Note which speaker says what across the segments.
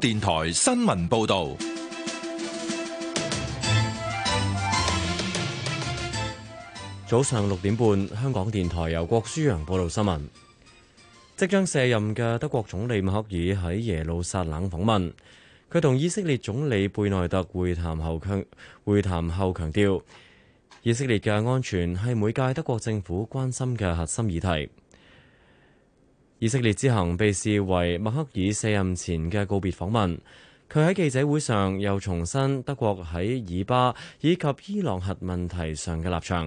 Speaker 1: 電台新聞報道，
Speaker 2: 早上六點半，香港電台由郭舒揚報道新聞。即將卸任嘅德國總理默克爾喺耶路撒冷訪問，佢同以色列總理貝內特會談後強會談後強調，以色列嘅安全係每屆德國政府關心嘅核心議題。以色列之行被視為默克爾卸任前嘅告別訪問。佢喺記者會上又重申德國喺以巴以及伊朗核問題上嘅立場。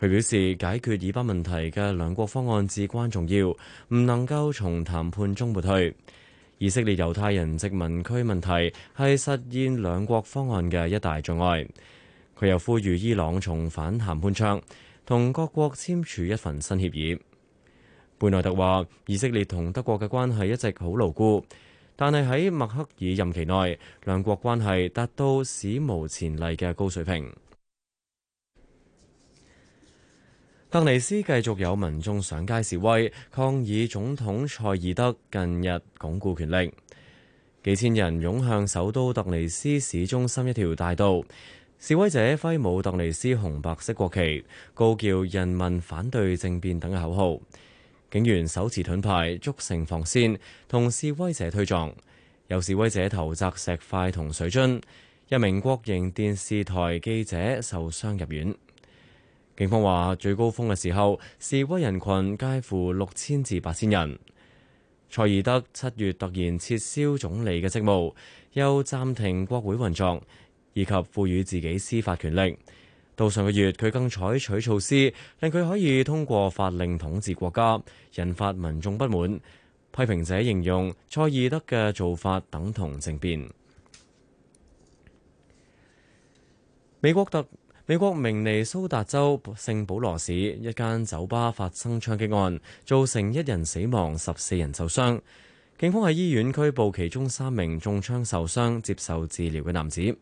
Speaker 2: 佢表示解決以巴問題嘅兩國方案至關重要，唔能夠從談判中抹去。以色列猶太人殖民區問題係實現兩國方案嘅一大障礙。佢又呼籲伊朗重返談判桌，同各國簽署一份新協議。貝內特話：以色列同德國嘅關係一直好牢固，但係喺默克爾任期內，兩國關係達到史無前例嘅高水平。突尼斯繼續有民眾上街示威，抗議總統塞爾德近日鞏固權力。幾千人湧向首都突尼斯市中心一條大道，示威者揮舞突尼斯紅白色國旗，高叫「人民反對政變」等嘅口號。警員手持盾牌築成防線，同示威者推撞，有示威者投擲石塊同水樽，一名國營電視台記者受傷入院。警方話最高峰嘅時候，示威人群介乎六千至八千人。賽義德七月突然撤銷總理嘅職務，又暫停國會運作，以及賦予自己司法權力。到上個月，佢更採取措施，令佢可以通過法令統治國家，引發民眾不滿。批評者形容蔡爾德嘅做法等同政變。美國特美國明尼蘇達州聖保羅市一間酒吧發生槍擊案，造成一人死亡，十四人受傷。警方喺醫院拘捕其中三名中槍受傷、接受治療嘅男子。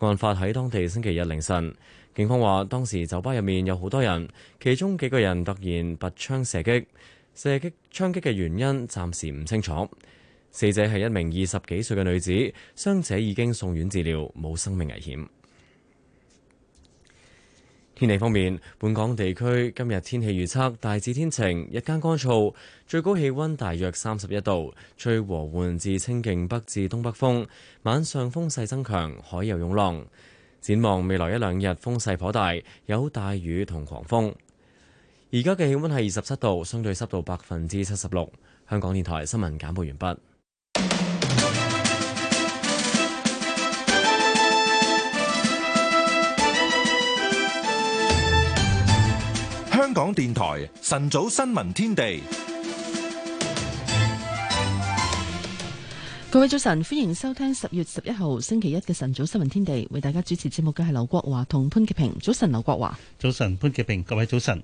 Speaker 2: 案發喺當地星期日凌晨。警方話，當時酒吧入面有好多人，其中幾個人突然拔槍射擊，射擊槍擊嘅原因暫時唔清楚。死者係一名二十幾歲嘅女子，傷者已經送院治療，冇生命危險。天氣方面，本港地區今日天氣預測大致天晴，日間乾燥，最高氣温大約三十一度，吹和緩至清勁北至東北風，晚上風勢增強，海有湧浪。展望未來一兩日，風勢頗大，有大雨同狂風。而家嘅氣温係二十七度，相對濕度百分之七十六。香港電台新聞簡報完畢。
Speaker 1: 香港電台晨早新聞天地。
Speaker 3: 各位早晨，歡迎收聽十月十一號星期一嘅晨早新聞天地。為大家主持節目嘅係劉國華同潘潔平。早晨，劉國華。早
Speaker 4: 晨，潘潔平。各位早晨。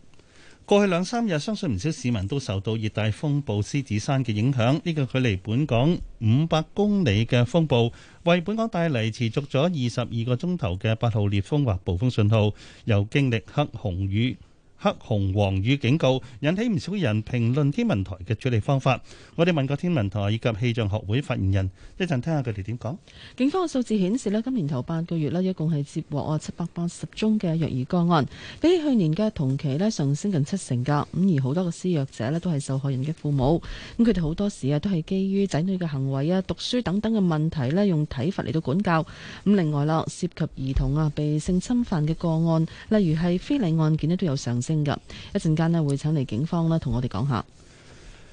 Speaker 4: 過去兩三日，相信唔少市民都受到熱帶風暴獅子山嘅影響。呢個距離本港五百公里嘅風暴，為本港帶嚟持續咗二十二個鐘頭嘅八號烈風或暴風信號，又經歷黑紅雨。黑、紅、黃雨警告引起唔少人評論天文台嘅處理方法。我哋問過天文台以及氣象學會發言人，一陣聽下佢哋點講。
Speaker 3: 警方嘅數字顯示咧，今年頭八個月咧，一共係接獲啊七百八十宗嘅虐兒個案，比去年嘅同期咧上升近七成㗎。咁而好多嘅施虐者咧都係受害人嘅父母，咁佢哋好多時啊都係基於仔女嘅行為啊、讀書等等嘅問題咧，用體罰嚟到管教。咁另外啦，涉及兒童啊被性侵犯嘅個案，例如係非禮案件咧，都有上升。噶，一陣間咧會請嚟警方咧同我哋講下。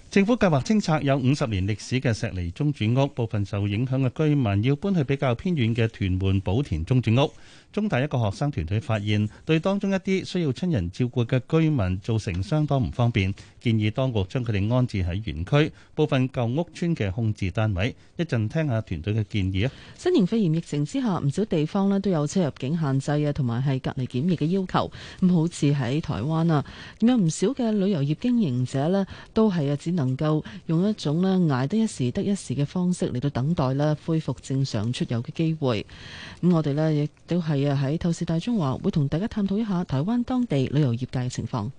Speaker 3: 政府
Speaker 4: 計劃清拆有五十年歷史嘅石籬中轉屋，部分受影響嘅居民要搬去比較偏遠嘅屯門寶田中轉屋。中大一個學生團隊發現，對當中一啲需要親人照顧嘅居民造成相當唔方便。建議當局將佢哋安置喺園區部分舊屋村嘅控制單位。一陣聽下團隊嘅建議啊！
Speaker 3: 新型肺炎疫情之下，唔少地方咧都有出入境限制啊，同埋係隔離檢疫嘅要求。咁好似喺台灣啊，有唔少嘅旅遊業經營者咧，都係啊，只能夠用一種咧捱得一時得一時嘅方式嚟到等待咧恢復正常出遊嘅機會。咁我哋咧亦都係啊喺透視大中華，會同大家探討一下台灣當地旅遊業界嘅情況。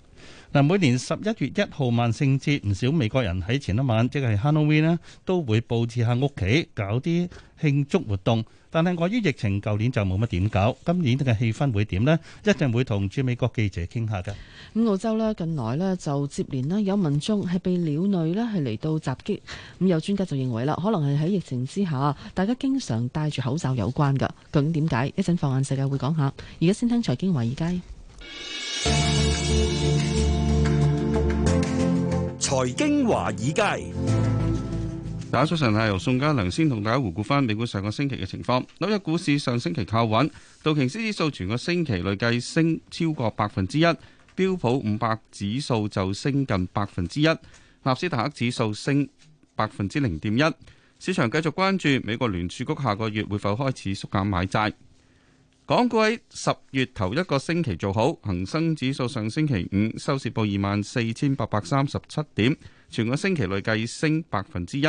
Speaker 4: 嗱，每年十一月一號萬聖節，唔少美國人喺前一晚，即係 Halloween 咧，都會佈置下屋企，搞啲慶祝活動。但係礙於疫情，舊年就冇乜點搞。今年嘅氣氛會點呢？一陣會同駐美國記者傾下嘅。
Speaker 3: 咁澳洲咧，近來咧就接連咧有民眾係被鳥類咧係嚟到襲擊。咁有專家就認為啦，可能係喺疫情之下，大家經常戴住口罩有關㗎。究竟點解？一陣放眼世界會講下。而家先聽財經華爾街。
Speaker 5: 財經華爾
Speaker 6: 街，大家早晨。係由宋家良先同大家回顧翻美股上個星期嘅情況。紐約股市上星期靠穩，道瓊斯指數全個星期累計升超過百分之一，標普五百指數就升近百分之一，納斯達克指數升百分之零點一。市場繼續關注美國聯儲局下個月會否開始縮減買債。港股喺十月頭一個星期做好，恒生指數上星期五收市報二萬四千八百三十七點，全個星期累計升百分之一。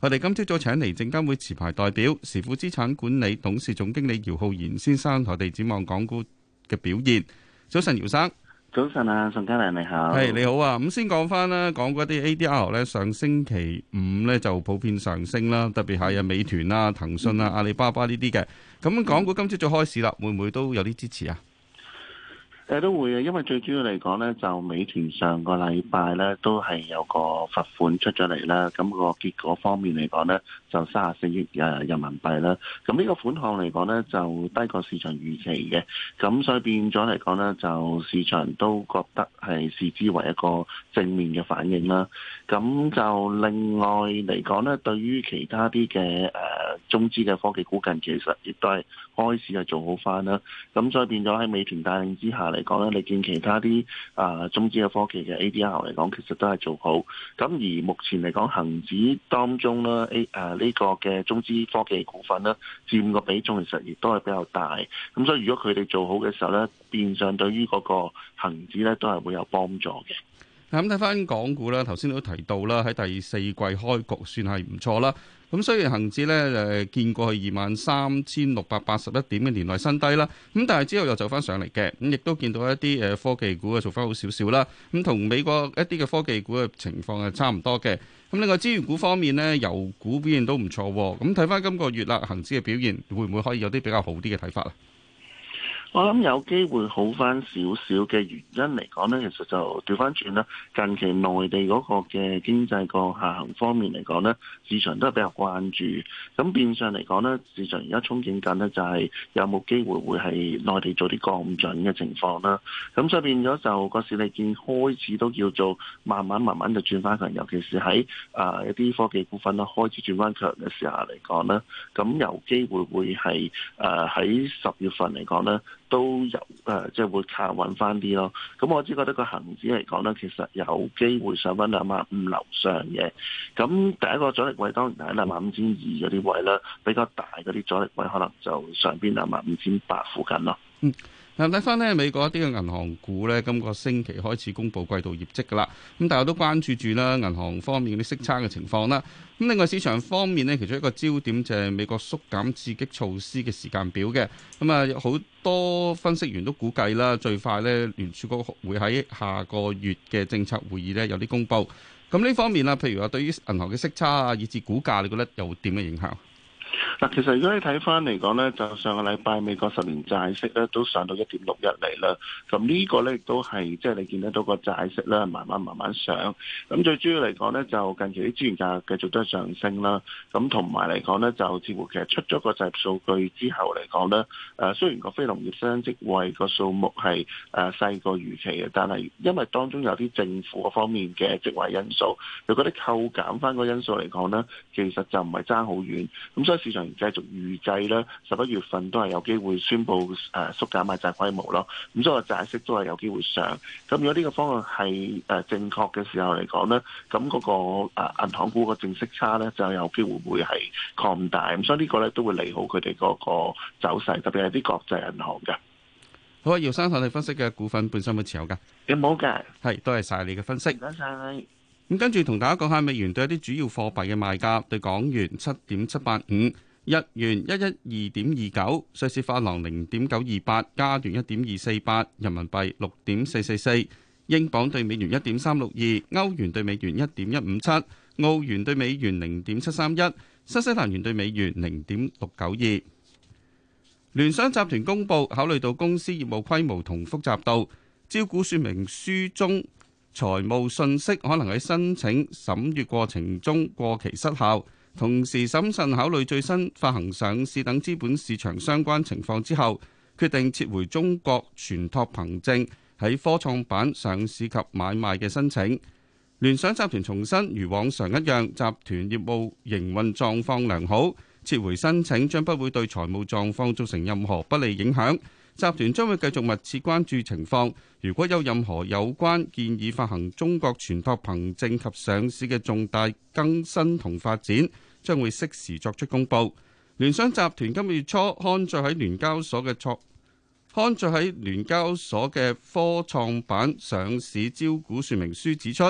Speaker 6: 我哋今朝早請嚟證監會持牌代表時富資產管理董事總經理姚浩然先生，同我哋展望港股嘅表現。早晨，姚
Speaker 7: 生。早晨啊，宋嘉良你好。係、hey,
Speaker 6: 你好啊，咁先講翻啦，講嗰啲 ADR 咧，上星期五咧就普遍上升啦，特別係啊美團啊、騰訊啊、阿里巴巴呢啲嘅。咁港股今朝再開市啦，嗯、會唔會都有啲支持啊？
Speaker 7: 誒，都會啊，因為最主要嚟講咧，就美團上個禮拜咧都係有個罰款出咗嚟啦，咁、個結果方面嚟講咧，就三十四億誒人民幣啦，咁呢個款項嚟講呢，就低過市場預期嘅，咁所以變咗嚟講呢，就市場都覺得係視之為一個正面嘅反應啦。咁就另外嚟講呢，對於其他啲嘅誒中資嘅科技股近其實亦都係開始係做好翻啦。咁所以變咗喺美團帶領之下嚟講呢，你見其他啲誒中資嘅科技嘅 ADR 嚟講，其實都係做好。咁而目前嚟講恒指當中呢誒。A, 啊呢個嘅中資科技股份咧，佔個比重其實亦都係比較大。咁所以如果佢哋做好嘅時候咧，變相對於嗰個恒指咧，都係會有幫助嘅。
Speaker 6: 咁睇翻港股啦，頭先都提到啦，喺第四季開局算係唔錯啦。咁雖然恒指呢誒見過去二萬三千六百八十一點嘅年內新低啦，咁但係之後又走翻上嚟嘅，咁亦都見到一啲誒科技股啊，做翻好少少啦。咁同美國一啲嘅科技股嘅情況係差唔多嘅。咁呢個資源股方面咧，油股表現都唔錯哦。咁睇翻今個月啦，恆指嘅表現會唔會可以有啲比較好啲嘅睇法啊？
Speaker 7: 我諗有機會好翻少少嘅原因嚟講咧，其實就調翻轉啦。近期內地嗰個嘅經濟個下行方面嚟講咧。市場都係比較關注，咁變相嚟講呢，市場而家憧憬緊呢，就係有冇機會會係內地做啲降準嘅情況啦。咁所以變咗就個市你見開始都叫做慢慢慢慢就轉翻強，尤其是喺啊一啲科技股份啦，開始轉翻強嘅時候嚟講咧，咁有機會會係誒喺十月份嚟講呢。都有誒、啊，即係會靠穩翻啲咯。咁、嗯、我只覺得個恆指嚟講咧，其實有機會上翻兩萬五樓上嘅。咁第一個阻力位當然係喺兩萬五千二嗰啲位啦，比較大嗰啲阻力位可能就上邊兩萬五千八附近咯。嗯。嗱睇翻呢美國
Speaker 6: 一啲嘅銀行股咧，今個星期開始公布季度業績㗎喇。咁大家都關注住啦，銀行方面啲息差嘅情況啦。咁另外市場方面呢，其中一個焦點就係美國縮減刺激措施嘅時間表嘅。咁啊，好多分析員都估計啦，最快呢聯儲局會喺下個月嘅政策會議呢有啲公布。咁呢方面啦，譬如話對於銀行嘅息差啊，以至股價，你覺得有啲咩影響？
Speaker 7: 嗱，其實如果你睇翻嚟講咧，就上個禮拜美國十年債息咧都上到一點六一嚟啦。咁呢個咧亦都係即係你見得到個債息咧，慢慢慢慢上。咁最主要嚟講咧，就近期啲資源價繼續都係上升啦。咁同埋嚟講咧，就似乎其實出咗個就業數據之後嚟講咧，誒雖然個非農業新增職位個數目係誒細過預期嘅，但係因為當中有啲政府方面嘅職位因素，如果得扣減翻個因素嚟講咧，其實就唔係差好遠。咁所以。市場而繼續預計咧，十一月份都係有機會宣佈誒、呃、縮減買債規模咯。咁、嗯、所以個債息都係有機會上。咁如果呢個方案係誒正確嘅時候嚟講咧，咁嗰、那個誒、呃、銀行股個正息差咧就有機會會係擴大。咁、嗯、所以個呢個咧都會利好佢哋嗰個走勢，特別係啲國際銀行嘅。
Speaker 6: 好啊，姚生，我哋分析嘅股份本身有冇有持有噶？冇嘅，係，多謝晒你嘅分析。多謝，謝。咁跟住同大家講下美元對一啲主要貨幣嘅賣價，對港元七點七八五，日元一一二點二九，瑞士法郎零點九二八，加元一點二四八，人民幣六點四四四，英鎊對美元一點三六二，歐元對美元一點一五七，澳元對美元零點七三一，新西蘭元對美元零點六九二。聯想集團公佈，考慮到公司業務規模同複雜度，招股說明書中，財務信息可能喺申請審閱過程中過期失效，同時審慎考慮最新發行上市等資本市場相關情況之後，決定撤回中國存託憑證喺科創板上市及買賣嘅申請。聯想集團重申，如往常一樣，集團業務營運狀況良好，撤回申請將不會對財務狀況造成任何不利影響。集團將會繼續密切關注情況，如果有任何有關建議發行中國存託憑證及上市嘅重大更新同發展，將會適時作出公布。聯想集團今月初刊載喺聯交所嘅創刊載喺聯交所嘅科創板上市招股說明書指出，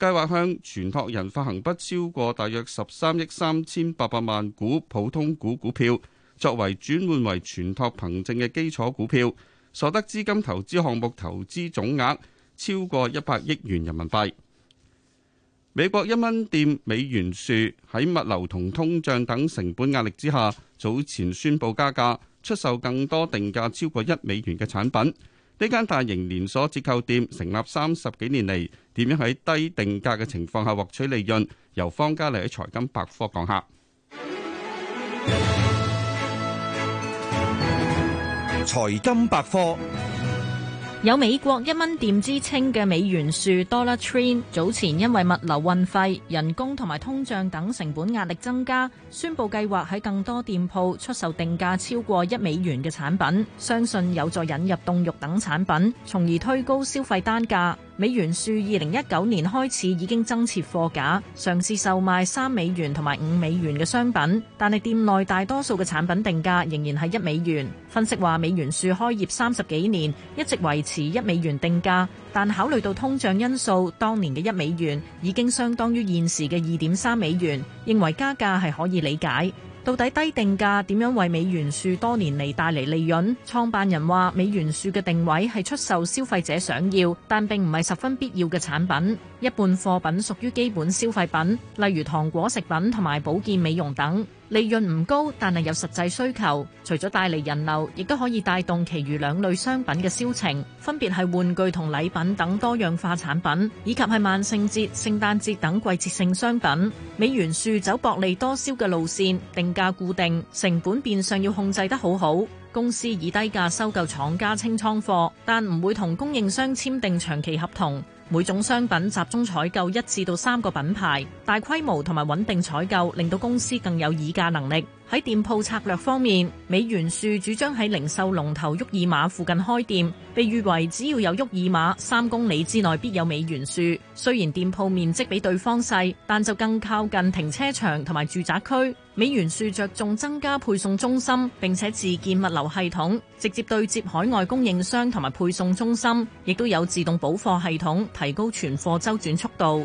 Speaker 6: 計劃向存託人發行不超過大約十三億三千八百萬股普通股股票。作為轉換為存託憑證嘅基礎股票，所得資金投資項目投資總額超過一百億元人民幣。美國一蚊店美元樹喺物流同通脹等成本壓力之下，早前宣布加價，出售更多定價超過一美元嘅產品。呢間大型連鎖折扣店成立三十幾年嚟，點樣喺低定價嘅情況下獲取利潤？由方嘉利喺財金百科講下。
Speaker 8: 財金百科，
Speaker 9: 有美國一蚊店之稱嘅美元樹 Dollar Tree，早前因為物流運費、人工同埋通脹等成本壓力增加，宣布計劃喺更多店鋪出售定價超過一美元嘅產品，相信有助引入凍肉等產品，從而推高消費單價。美元樹二零一九年開始已經增設貨架，嘗試售賣三美元同埋五美元嘅商品，但係店內大多數嘅產品定價仍然係一美元。分析話，美元樹開業三十幾年一直維持一美元定價，但考慮到通脹因素，當年嘅一美元已經相當於現時嘅二點三美元，認為加價係可以理解。到底低定價點樣為美元樹多年嚟帶嚟利潤？創辦人話：美元樹嘅定位係出售消費者想要，但並唔係十分必要嘅產品。一半貨品屬於基本消費品，例如糖果食品同埋保健美容等。利潤唔高，但係有實際需求。除咗帶嚟人流，亦都可以帶動其餘兩類商品嘅銷情，分別係玩具同禮品等多樣化產品，以及係萬聖節、聖誕節等季節性商品。美元樹走薄利多銷嘅路線，定價固定，成本變相要控制得好好。公司以低價收購廠家清倉貨，但唔會同供應商簽訂長期合同。每種商品集中採購一至到三個品牌，大規模同埋穩定採購，令到公司更有議價能力。喺店鋪策略方面，美元樹主張喺零售龍頭沃爾瑪附近開店，被譽為只要有沃爾瑪，三公里之內必有美元樹。雖然店鋪面積比對方細，但就更靠近停車場同埋住宅區。美元樹着重增加配送中心，並且自建物流系統，直接對接海外供應商同埋配送中心，亦都有自動補貨系統，提高存貨周轉速度。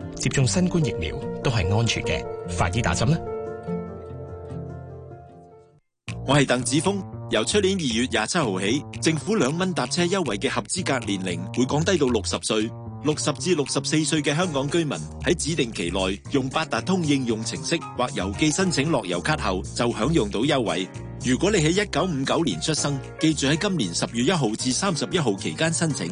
Speaker 10: 接種新
Speaker 11: 冠疫苗都係安全嘅，快啲打針啦！
Speaker 1: 我係鄧子峰，由出年二月廿七號起，政府兩蚊搭車優惠嘅合資格年齡會降低到六十歲。六十至六十四歲嘅香港居民喺指定期內用八達通應用程式或郵寄申請樂悠卡後，就享用到優惠。如果你喺一九五九年出生，記住喺今年十月一號至三十一號期間申請。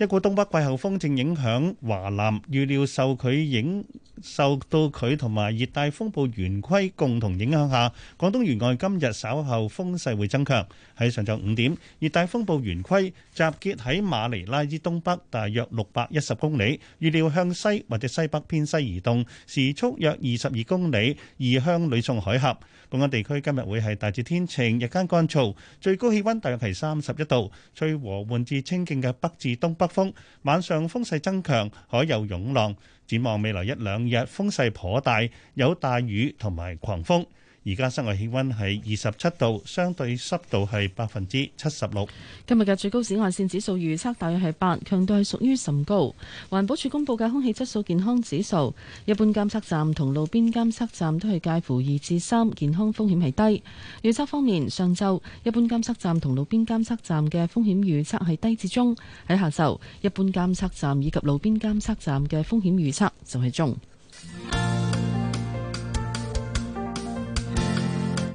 Speaker 4: 一股東北季候風正影響華南，預料受佢影受到佢同埋熱帶風暴圓規共同影響下，廣東沿岸今日稍後風勢會增強。喺上晝五點，熱帶風暴圓規集結喺馬尼拉之東北大約六百一十公里，預料向西或者西北偏西移動，時速約二十二公里，移向呂宋海峽。本港地區今日會係大致天晴，日間乾燥，最高氣温大約係三十一度，吹和緩至清勁嘅北至東北風晚上風勢增強，海有湧浪。展望未來一兩日，風勢頗大，有大雨同埋狂風。而家室外氣溫係二十七度，相對濕度係百分之七十六。
Speaker 3: 今日嘅最高紫外線指數預測大約係八，強度係屬於甚高。環保署公布嘅空氣質素健康指數，一般監測站同路邊監測站都係介乎二至三，健康風險係低。預測方面，上晝一般監測站同路邊監測站嘅風險預測係低至中；喺下晝一般監測站以及路邊監測站嘅風險預測就係中。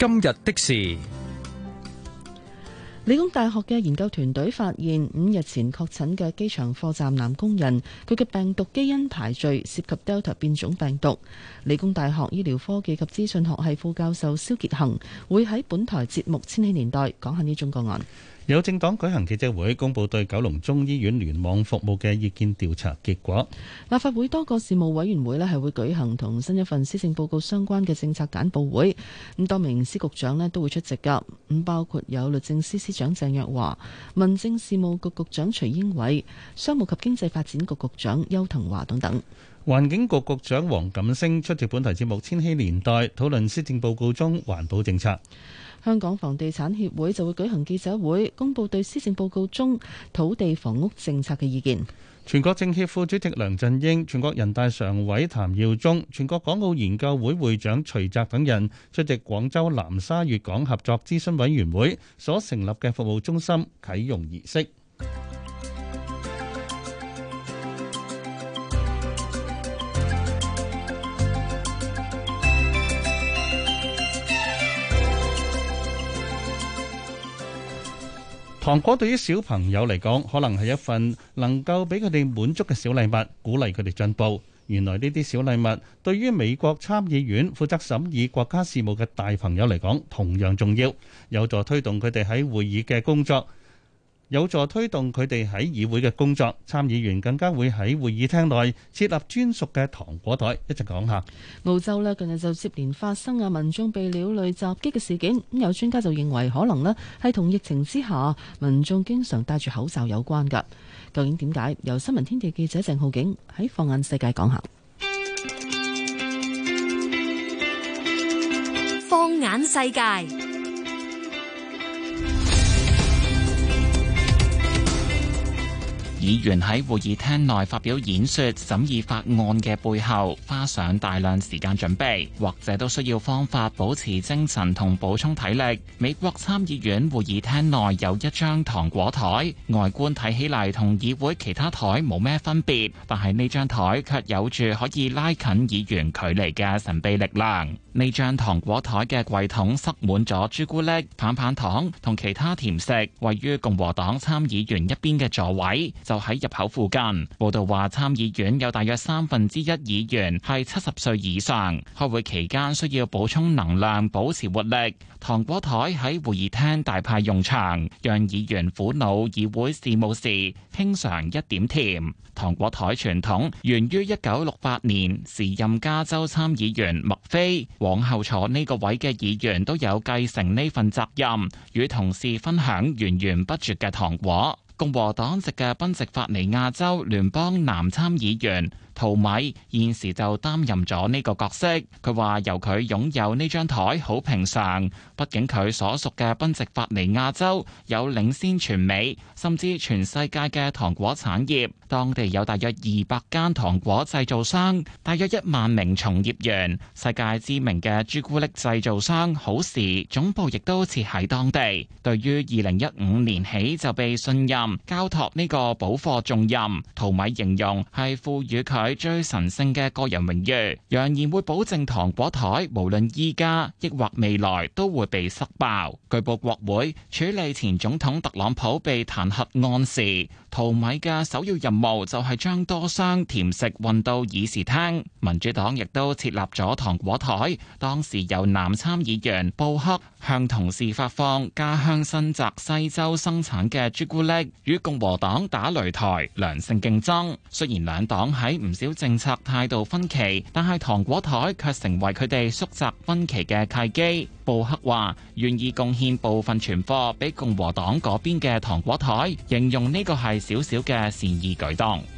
Speaker 9: 今日的事，
Speaker 3: 理工大學嘅研究團隊發現，五日前確診嘅機場貨站男工人，佢嘅病毒基因排序涉及 Delta 變種病毒。理工大學醫療科技及資訊學系副教授蕭傑恒會喺本台節目《千禧年代》講下呢種個案。
Speaker 4: 有政黨舉行記者會，公佈對九龍中醫院聯網服務嘅意見調查結果。
Speaker 3: 立法會多個事務委員會呢係會舉行同新一份施政報告相關嘅政策簡報會，咁多名司局長呢都會出席噶，咁包括有律政司司長鄭若驊、民政事務局局局長徐英偉、商務及經濟發展局局長邱騰華等等。
Speaker 4: 環境局局長黃錦星出席本台節目《千禧年代》，討論施政報告中環保政策。
Speaker 3: 香港房地產協會就會舉行記者會，公佈對施政報告中土地房屋政策嘅意見。
Speaker 4: 全國政協副主席梁振英、全國人大常委譚耀宗、全國港澳研究會會長徐澤等人出席廣州南沙粵港合作諮詢委員會所成立嘅服務中心啟用儀式。糖果對於小朋友嚟講，可能係一份能夠俾佢哋滿足嘅小禮物，鼓勵佢哋進步。原來呢啲小禮物對於美國參議院負責審議國家事務嘅大朋友嚟講，同樣重要，有助推動佢哋喺會議嘅工作。有助推動佢哋喺議會嘅工作，參議員更加會喺會議廳內設立專屬嘅糖果台。一陣講下。
Speaker 3: 澳洲，呢近日就接連發生啊，民眾被鳥類襲擊嘅事件，咁有專家就認為可能呢係同疫情之下民眾經常戴住口罩有關㗎。究竟點解？由新聞天地記者鄭浩景喺放眼世界講下。
Speaker 12: 放眼世界。
Speaker 10: 議員喺會議廳內發表演說、審議法案嘅背後，花上大量時間準備，或者都需要方法保持精神同補充體力。美國參議院會議廳內有一張糖果枱，外觀睇起嚟同議會其他枱冇咩分別，但係呢張枱卻有住可以拉近議員距離嘅神秘力量。呢張糖果枱嘅櫃桶塞滿咗朱古力、棒棒糖同其他甜食，位於共和黨參議員一邊嘅座位。就喺入口附近。報道話，參議院有大約三分之一議員係七十歲以上。開會期間需要補充能量，保持活力。糖果檯喺會議廳大派用場，讓議員苦惱議會事務時，品嘗一點甜。糖果檯傳統源於一九六八年，時任加州參議員麥菲。往後坐呢個位嘅議員都有繼承呢份責任，與同事分享源源不絕嘅糖果。共和黨籍嘅賓夕法尼亞州聯邦南參議員。陶米現時就擔任咗呢個角色。佢話：由佢擁有呢張台好平常，畢竟佢所屬嘅賓夕法尼亞州有領先全美，甚至全世界嘅糖果產業。當地有大約二百間糖果製造商，大約一萬名從業員。世界知名嘅朱古力製造商好時總部亦都設喺當地。對於二零一五年起就被信任交託呢個補貨重任，陶米形容係賦予佢。最神聖嘅個人名譽，揚言會保證糖果台無論依家抑或未來都會被塞爆。據報國會處理前總統特朗普被彈劾案時，陶米嘅首要任務就係將多箱甜食運到議事廳。民主黨亦都設立咗糖果台，當時由南參議員布克向同事發放家鄉新澤西州生產嘅朱古力，與共和黨打擂台良性競爭。雖然兩黨喺唔少政策態度分歧，但係糖果台卻成為佢哋縮窄分歧嘅契機。布克話願意貢獻部分存貨俾共和黨嗰邊嘅糖果台，形容呢個係少少嘅善意舉動。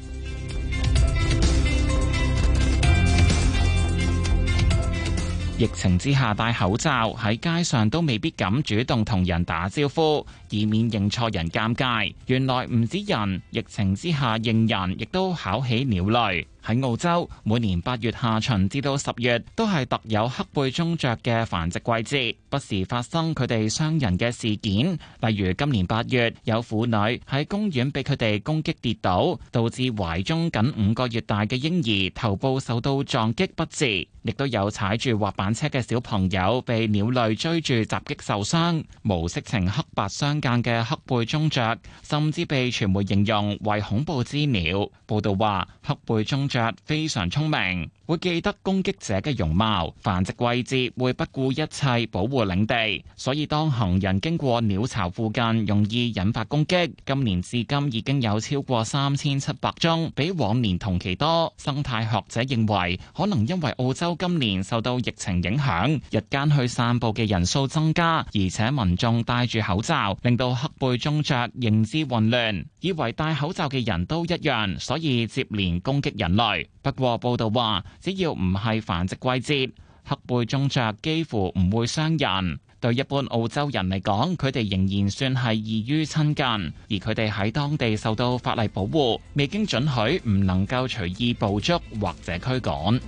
Speaker 10: 疫情之下戴口罩喺街上都未必敢主動同人打招呼。以免認錯人尷尬，原來唔止人，疫情之下認人亦都考起鳥類。喺澳洲，每年八月下旬至到十月都係特有黑背中雀嘅繁殖季節，不時發生佢哋傷人嘅事件。例如今年八月，有婦女喺公園被佢哋攻擊跌倒，導致懷中僅五個月大嘅嬰兒頭部受到撞擊不治，亦都有踩住滑板車嘅小朋友被鳥類追住襲擊受傷，無色情黑白相。間嘅黑背棕雀，甚至被傳媒形容為恐怖之鳥。報道話，黑背棕雀非常聰明，會記得攻擊者嘅容貌、繁殖季節，會不顧一切保護領地。所以當行人經過鳥巢附近，容易引發攻擊。今年至今已經有超過三千七百宗，比往年同期多。生態學者認為，可能因為澳洲今年受到疫情影響，日間去散步嘅人數增加，而且民眾戴住口罩，令令到黑背棕雀認知混亂，以為戴口罩嘅人都一樣，所以接連攻擊人類。不過報道話，只要唔係繁殖季節，黑背棕雀幾乎唔會傷人。對一般澳洲人嚟講，佢哋仍然算係易於親近，而佢哋喺當地受到法例保護，未經准許唔能夠隨意捕捉或者驅趕。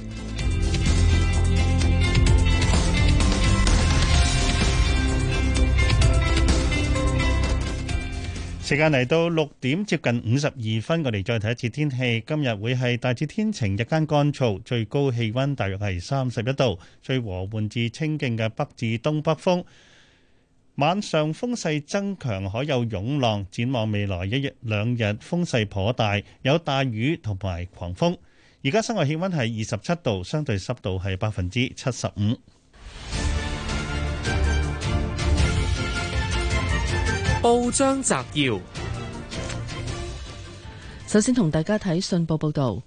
Speaker 4: 時間嚟到六點接近五十二分，我哋再睇一次天氣。今日會係大致天晴，日間乾燥，最高氣溫大約係三十一度，最和緩至清勁嘅北至東北風。晚上風勢增強，可有湧浪。展望未來一日兩日，風勢頗大，有大雨同埋狂風。而家室外氣溫係二十七度，相對濕度係百分之七十五。張澤堯
Speaker 3: 首先同大家睇信報報道，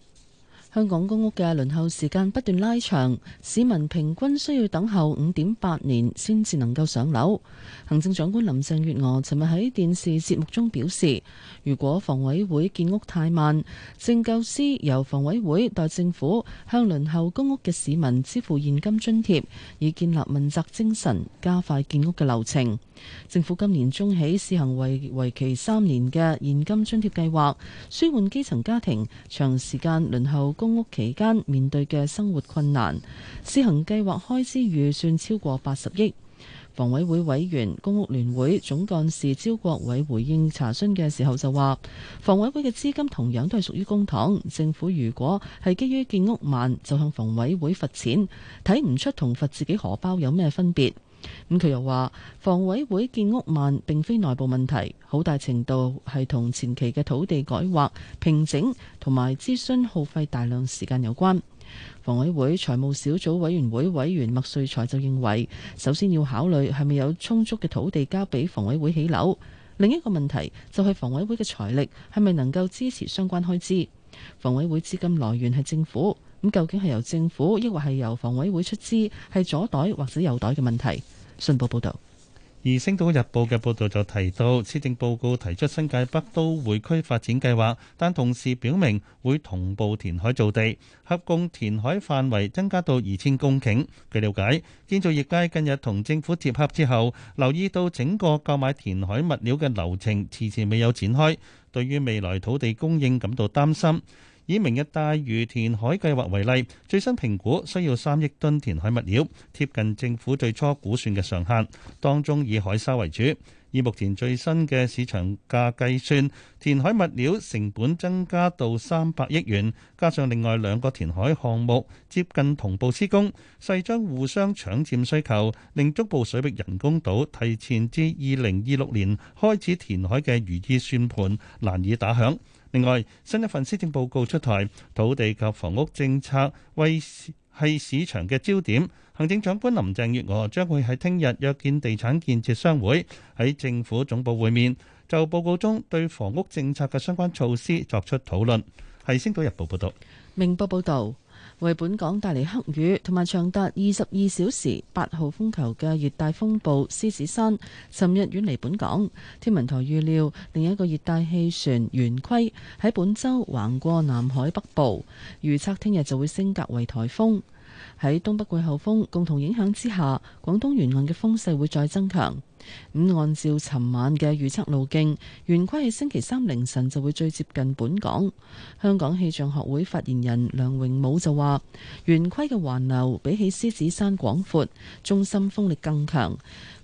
Speaker 3: 香港公屋嘅輪候時間不斷拉長，市民平均需要等候五點八年先至能夠上樓。行政長官林鄭月娥尋日喺電視節目中表示，如果房委會建屋太慢，正構思由房委會代政府向輪候公屋嘅市民支付現金津貼，以建立問責精神，加快建屋嘅流程。政府今年中起試行為為期三年嘅現金津貼計劃，舒緩基層家庭長時間輪候公屋期間面對嘅生活困難。試行計劃開支預算超過八十億。房委會委員、公屋聯會總幹事招國偉回應查詢嘅時候就話，房委會嘅資金同樣都係屬於公帑。政府如果係基於建屋慢，就向房委會罰錢，睇唔出同罰自己荷包有咩分別。咁佢又話，房委會建屋慢並非內部問題，好大程度係同前期嘅土地改劃、平整同埋諮詢耗費大量時間有關。房委會財務小組委員會委員麥瑞才就認為，首先要考慮係咪有充足嘅土地交俾房委會起樓，另一個問題就係房委會嘅財力係咪能夠支持相關開支。房委會資金來源係政府。咁究竟係由政府，抑或係由房委會出資，係左袋或者右袋嘅問題？信報報導。而《星島日
Speaker 4: 報》嘅報導就提到，施政報告提出新界北都會區發展計劃，但同時表明會同步填海造地，合共填海範圍增加到二千公頃。據了解，建造業界近日同政府接洽之後，留意到整個購買填海物料嘅流程遲遲未有展開，對於未來土地供應感到擔心。以明日大嶼填海計劃為例，最新評估需要三億噸填海物料，貼近政府最初估算嘅上限。當中以海沙為主，以目前最新嘅市場價計算，填海物料成本增加到三百億元。加上另外兩個填海項目接近同步施工，勢將互相搶佔需求，令中部水域人工島提前至二零二六年開始填海嘅如意算盤難以打響。另外，新一份施政報告出台，土地及房屋政策為係市，市場嘅焦點。行政長官林鄭月娥將會喺聽日約見地產建設商會喺政府總部會面，就報告中對房屋政策嘅相關措施作出討論。係星島日報報道。
Speaker 3: 明報報導。為本港帶嚟黑雨同埋長達二十二小時八號風球嘅熱帶風暴獅子山，尋日遠離本港。天文台預料另一個熱帶氣旋圓規喺本周橫過南海北部，預測聽日就會升格為颱風。喺東北季候風共同影響之下，廣東沿岸嘅風勢會再增強。咁按照尋晚嘅預測路徑，圓規喺星期三凌晨就會最接近本港。香港氣象學會發言人梁榮武就話，圓規嘅環流比起獅子山廣闊，中心風力更強，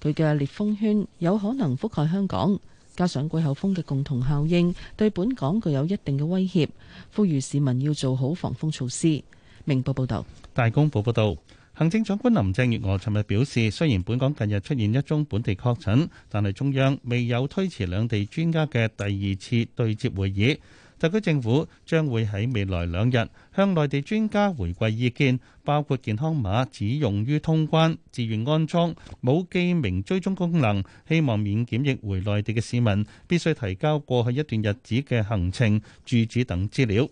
Speaker 3: 佢嘅烈風圈有可能覆蓋香港，加上季候風嘅共同效應，對本港具有一定嘅威脅，呼籲市民要做好防風措施。明報報道，
Speaker 4: 大公報報道。行政長官林鄭月娥尋日表示，雖然本港近日出現一宗本地確診，但係中央未有推遲兩地專家嘅第二次對接會議。特區政府將會喺未來兩日向內地專家回饋意見，包括健康碼只用於通關、自願安裝、冇記名追蹤功能，希望免檢疫回內地嘅市民必須提交過去一段日子嘅行程、住址等資料。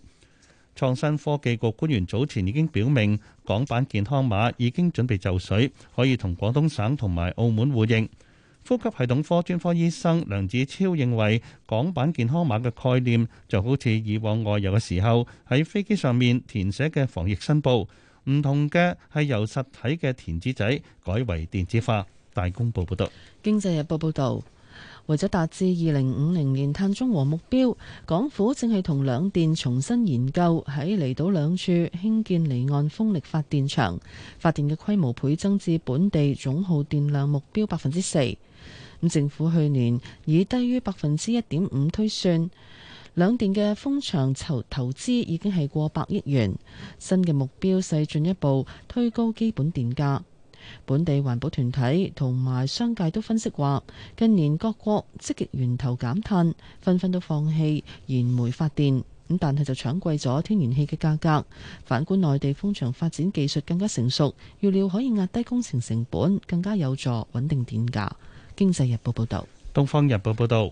Speaker 4: 創新科技局官員早前已經表明，港版健康碼已經準備就緒，可以同廣東省同埋澳門互認。呼吸系統科專科醫生梁子超認為，港版健康碼嘅概念就好似以往外遊嘅時候喺飛機上面填寫嘅防疫申報，唔同嘅係由實體嘅填紙仔改為電子化。大公報報道。
Speaker 3: 《經濟日報》報導。為咗達至二零五零年碳中和目標，港府正係同兩電重新研究喺離島兩處興建離岸風力發電場，發電嘅規模倍增至本地總耗電量目標百分之四。政府去年以低於百分之一點五推算，兩電嘅風場籌投資已經係過百億元，新嘅目標勢進一步推高基本電價。本地環保團體同埋商界都分析話，近年各國積極源頭減碳，紛紛都放棄燃煤發電，咁但係就搶貴咗天然氣嘅價格。反觀內地風場發展技術更加成熟，預料可以壓低工程成本，更加有助穩定電價。經濟日報報道。
Speaker 4: 東方日報報道。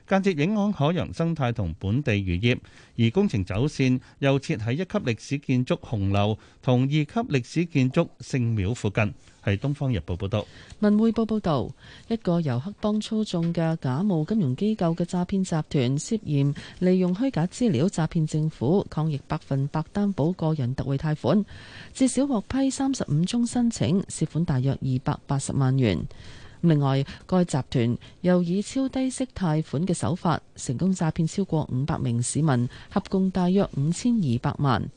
Speaker 4: 間接影響海洋生態同本地漁業，而工程走線又設喺一級歷史建築紅樓同二級歷史建築聖廟附近。係《東方日報》報道，
Speaker 3: 《文匯報》報道，一個由黑幫操縱嘅假冒金融機構嘅詐騙集團，涉嫌利用虛假資料詐騙政府抗疫百分百擔保個人特惠貸款，至少獲批三十五宗申請，涉款大約二百八十萬元。另外，該集團又以超低息貸款嘅手法，成功詐騙超過五百名市民，合共大約五千二百萬。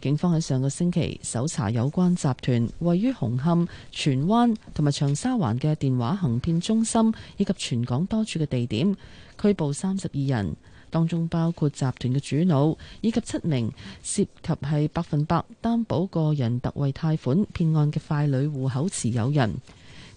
Speaker 3: 警方喺上個星期搜查有關集團位於紅磡、荃灣同埋長沙灣嘅電話行騙中心，以及全港多處嘅地點，拘捕三十二人，當中包括集團嘅主腦以及七名涉及係百分百擔保個人特惠貸款騙案嘅傀儡戶口持有人。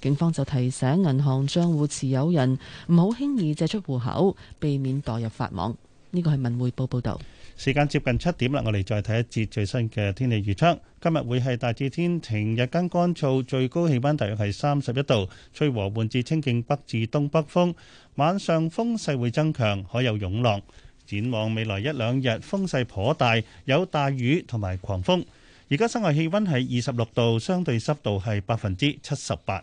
Speaker 3: 警方就提醒銀行帳戶持有人唔好輕易借出戶口，避免墮入法網。呢個係文匯報報導。
Speaker 4: 時間接近七點啦，我哋再睇一節最新嘅天氣預測。今日會係大致天晴，日間乾燥，最高氣温大約係三十一度，吹和緩至清勁北至東北風。晚上風勢會增強，可有湧浪。展望未來一兩日，風勢頗大，有大雨同埋狂風。而家室外氣温係二十六度，
Speaker 13: 相對濕度係百分之七十八。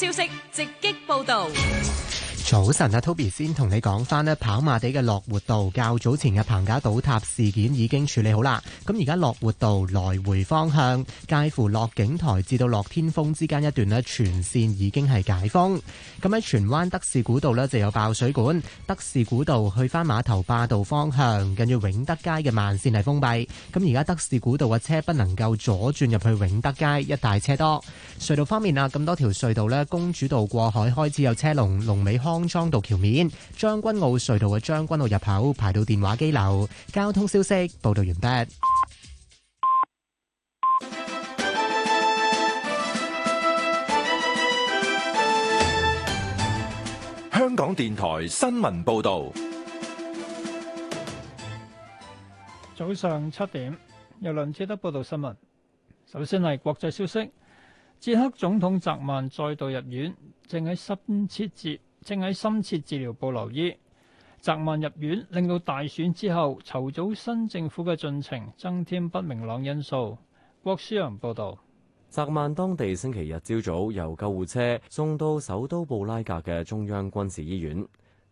Speaker 9: 消息直擊報導。
Speaker 13: 早晨啊，Toby 先同你講翻咧，跑馬地嘅樂活道較早前嘅棚架倒塌事件已經處理好啦。咁而家樂活道來回方向，介乎樂景台至到樂天峰之間一段咧，全綫已經係解封。咁喺荃灣德士古道咧，就有爆水管，德士古道去翻碼頭霸道方向，跟住永德街嘅慢綫係封閉。咁而家德士古道嘅車不能夠左轉入去永德街一帶，車多。隧道方面啊，咁多條隧道咧，公主道過海開始有車龍，龍尾康東倉道橋面將軍澳隧道嘅將軍澳入口排到電話機樓。交通消息報道完畢。
Speaker 1: 香港電台新聞報道，
Speaker 14: 早上七點由梁志德報道新聞。首先係國際消息，捷克總統澤曼再度入院，正喺深切治。正喺深切治療部留醫。澤曼入院令到大選之後籌組新政府嘅進程增添不明朗因素。郭思陽報導。
Speaker 2: 澤曼當地星期日朝早由救護車送到首都布拉格嘅中央軍事醫院。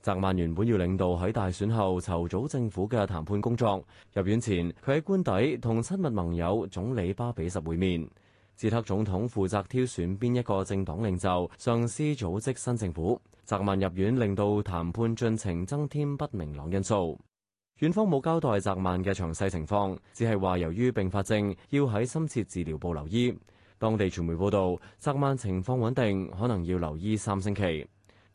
Speaker 2: 澤曼原本要領導喺大選後籌組政府嘅談判工作。入院前佢喺官邸同親密盟友總理巴比什會面。捷克總統負責挑選邊一個政黨領袖，上司組織新政府。澤曼入院令到談判進程增添不明朗因素，院方冇交代澤曼嘅詳細情況，只係話由於併發症要喺深切治療部留醫。當地傳媒報道，澤曼情況穩定，可能要留醫三星期。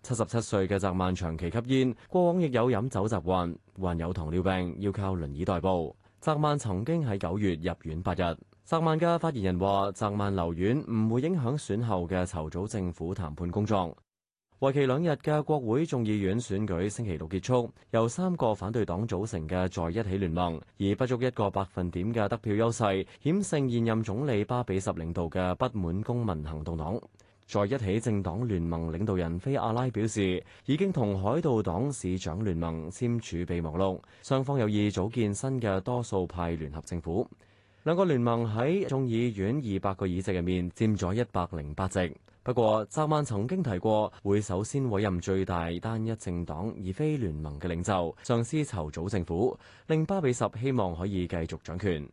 Speaker 2: 七十七歲嘅澤曼長期吸煙，過往亦有飲酒習慣，患有糖尿病，要靠輪椅代步。澤曼曾經喺九月入院八日。澤曼嘅發言人話：澤曼留院唔會影響選後嘅籌組政府談判工作。為期兩日嘅國會眾議院選舉星期六結束，由三個反對黨組成嘅在一起聯盟以不足一個百分點嘅得票優勢險勝現任總理巴比什領導嘅不滿公民行動黨。在一起政黨聯盟領導人菲阿拉表示，已經同海盜黨市長聯盟簽署備忘錄，雙方有意組建新嘅多數派聯合政府。兩個聯盟喺眾議院二百個議席入面佔咗一百零八席。不過，澤曼曾經提過會首先委任最大單一政黨，而非聯盟嘅領袖，上司籌組政府，令巴比什希望可以繼續掌權。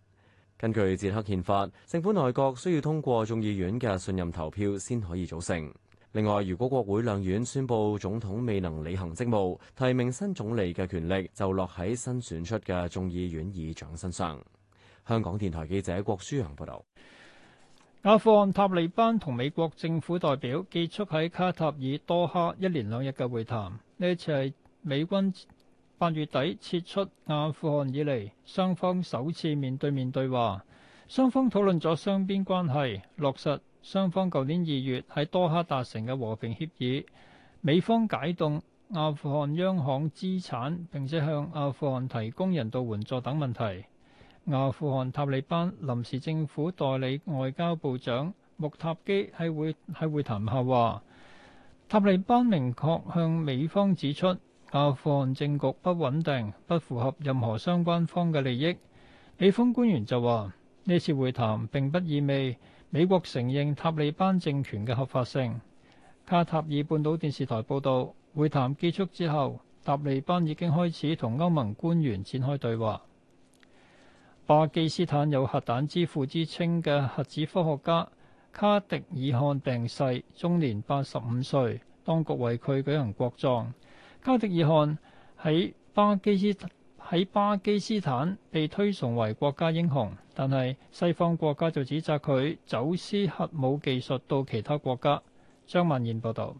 Speaker 2: 根據捷克憲法，政府內閣需要通過眾議院嘅信任投票先可以組成。另外，如果國會兩院宣布總統未能履行職務，提名新總理嘅權力就落喺新選出嘅眾議院議長身上。香港電台記者郭舒揚報道。
Speaker 14: 阿富汗塔利班同美國政府代表結束喺卡塔爾多哈一連兩日嘅會談，呢一次係美軍八月底撤出阿富汗以嚟雙方首次面對面對話。雙方討論咗雙邊關係、落實雙方舊年二月喺多哈達成嘅和平協議、美方解凍阿富汗央行資產，並且向阿富汗提供人道援助等問題。阿富汗塔利班臨時政府代理外交部長穆塔基喺會喺會談後話，塔利班明確向美方指出，阿富汗政局不穩定，不符合任何相關方嘅利益。美方官員就話呢次會談並不意味美國承認塔利班政權嘅合法性。卡塔爾半島電視台報道，會談結束之後，塔利班已經開始同歐盟官員展開對話。巴基斯坦有核彈之父之稱嘅核子科學家卡迪爾汗病逝，終年八十五歲。當局為佢舉行國葬。卡迪爾汗喺巴基斯坦喺巴基斯坦被推崇為國家英雄，但係西方國家就指責佢走私核武技術到其他國家。張曼燕報道。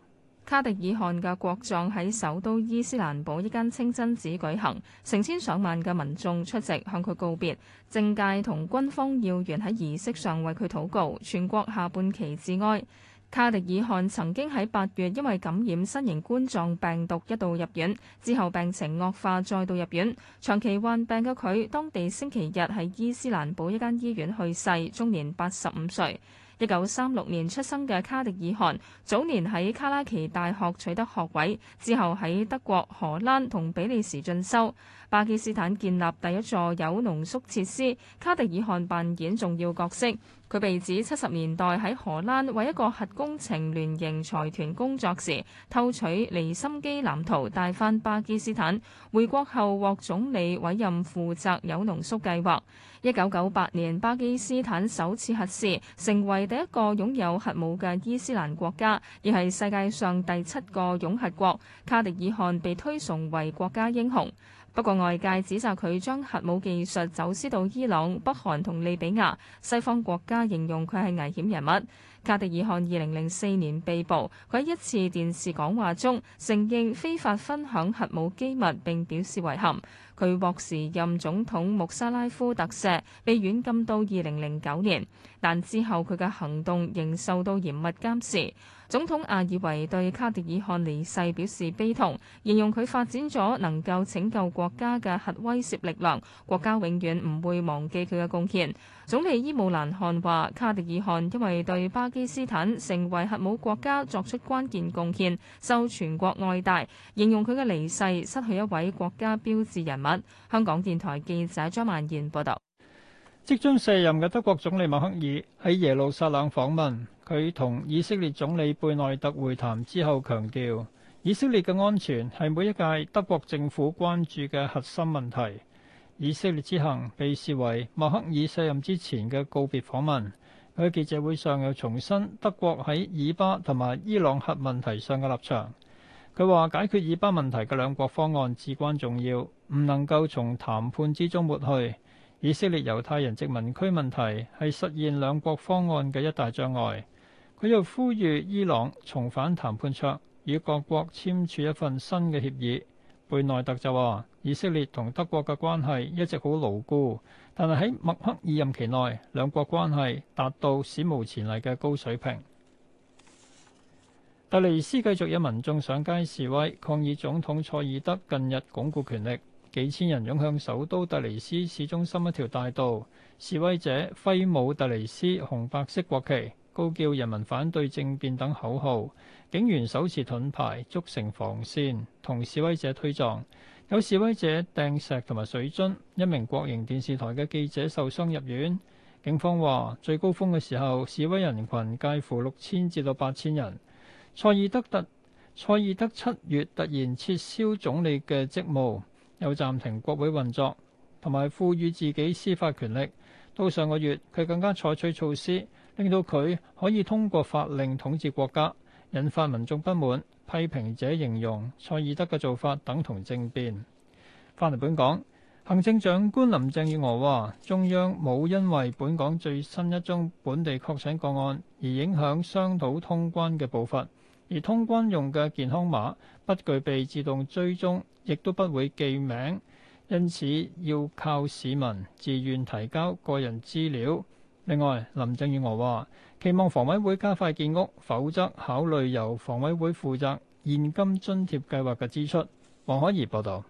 Speaker 15: 卡迪爾汗嘅國葬喺首都伊斯蘭堡一間清真寺舉行，成千上萬嘅民眾出席向佢告別，政界同軍方要員喺儀式上為佢禱告，全國下半旗致哀。卡迪爾汗曾經喺八月因為感染新型冠狀病毒一度入院，之後病情惡化再度入院，長期患病嘅佢，當地星期日喺伊斯蘭堡一間醫院去世，終年八十五歲。一九三六年出生嘅卡迪爾汗，早年喺卡拉奇大學取得學位，之後喺德國荷蘭同比利時進修。巴基斯坦建立第一座鈾濃縮設施，卡迪爾汗扮演重要角色。佢被指七十年代喺荷蘭為一個核工程聯營財團工作時，偷取離心機藍圖帶翻巴基斯坦。回國後獲總理委任負責鈾濃縮計劃。一九九八年巴基斯坦首次核試，成為第一個擁有核武嘅伊斯蘭國家，亦係世界上第七個擁核國。卡迪爾汗被推崇為國家英雄。不過，外界指責佢將核武技術走私到伊朗、北韓同利比亞。西方國家形容佢係危險人物。卡迪爾汗二零零四年被捕，佢喺一次電視講話中承認非法分享核武機密，並表示遺憾。佢獲時任總統穆沙拉夫特赦，被軟禁到二零零九年，但之後佢嘅行動仍受到嚴密監視。總統阿爾維對卡迪爾汗離世表示悲痛，形容佢發展咗能夠拯救國家嘅核威懾力量，國家永遠唔會忘記佢嘅貢獻。總理伊姆蘭汗話：卡迪爾汗因為對巴基斯坦成為核武國家作出關鍵貢獻，受全國愛戴，形容佢嘅離世失去一位國家標誌人物。香港電台記者張曼燕報道。
Speaker 14: 即將卸任嘅德國總理默克爾喺耶路撒冷訪問，佢同以色列總理貝內特會談之後強調，以色列嘅安全係每一屆德國政府關注嘅核心問題。以色列之行被視為默克爾卸任之前嘅告別訪問。佢喺記者會上又重申德國喺以巴同埋伊朗核問題上嘅立場。佢話，解決以巴問題嘅兩國方案至關重要，唔能夠從談判之中抹去。以色列猶太人殖民區問題係實現兩國方案嘅一大障礙。佢又呼籲伊朗重返談判桌，與各國簽署一份新嘅協議。貝內特就話，以色列同德國嘅關係一直好牢固，但係喺默克爾任期內，兩國關係達到史無前例嘅高水平。特尼斯繼續有民眾上街示威，抗議總統塞爾德近日鞏固權力。幾千人湧向首都特尼斯市中心一條大道，示威者揮舞特尼斯紅白色國旗，高叫人民反對政變等口號。警員手持盾牌築成防線，同示威者推撞。有示威者掟石同埋水樽，一名國營電視台嘅記者受傷入院。警方話最高峰嘅時候，示威人群介乎六千至到八千人。塞爾德特塞爾德七月突然撤銷總理嘅職務。有暫停國會運作，同埋賦予自己司法權力。到上個月，佢更加採取措施，令到佢可以通過法令統治國家，引發民眾不滿。批評者形容賽義德嘅做法等同政變。翻嚟本港，行政長官林鄭月娥話：中央冇因為本港最新一宗本地確診個案而影響商討通關嘅步伐，而通關用嘅健康碼。不具備自動追蹤，亦都不會記名，因此要靠市民自願提交個人資料。另外，林鄭月娥話，期望房委會加快建屋，否則考慮由房委會負責現金津貼計劃嘅支出。王海怡報導。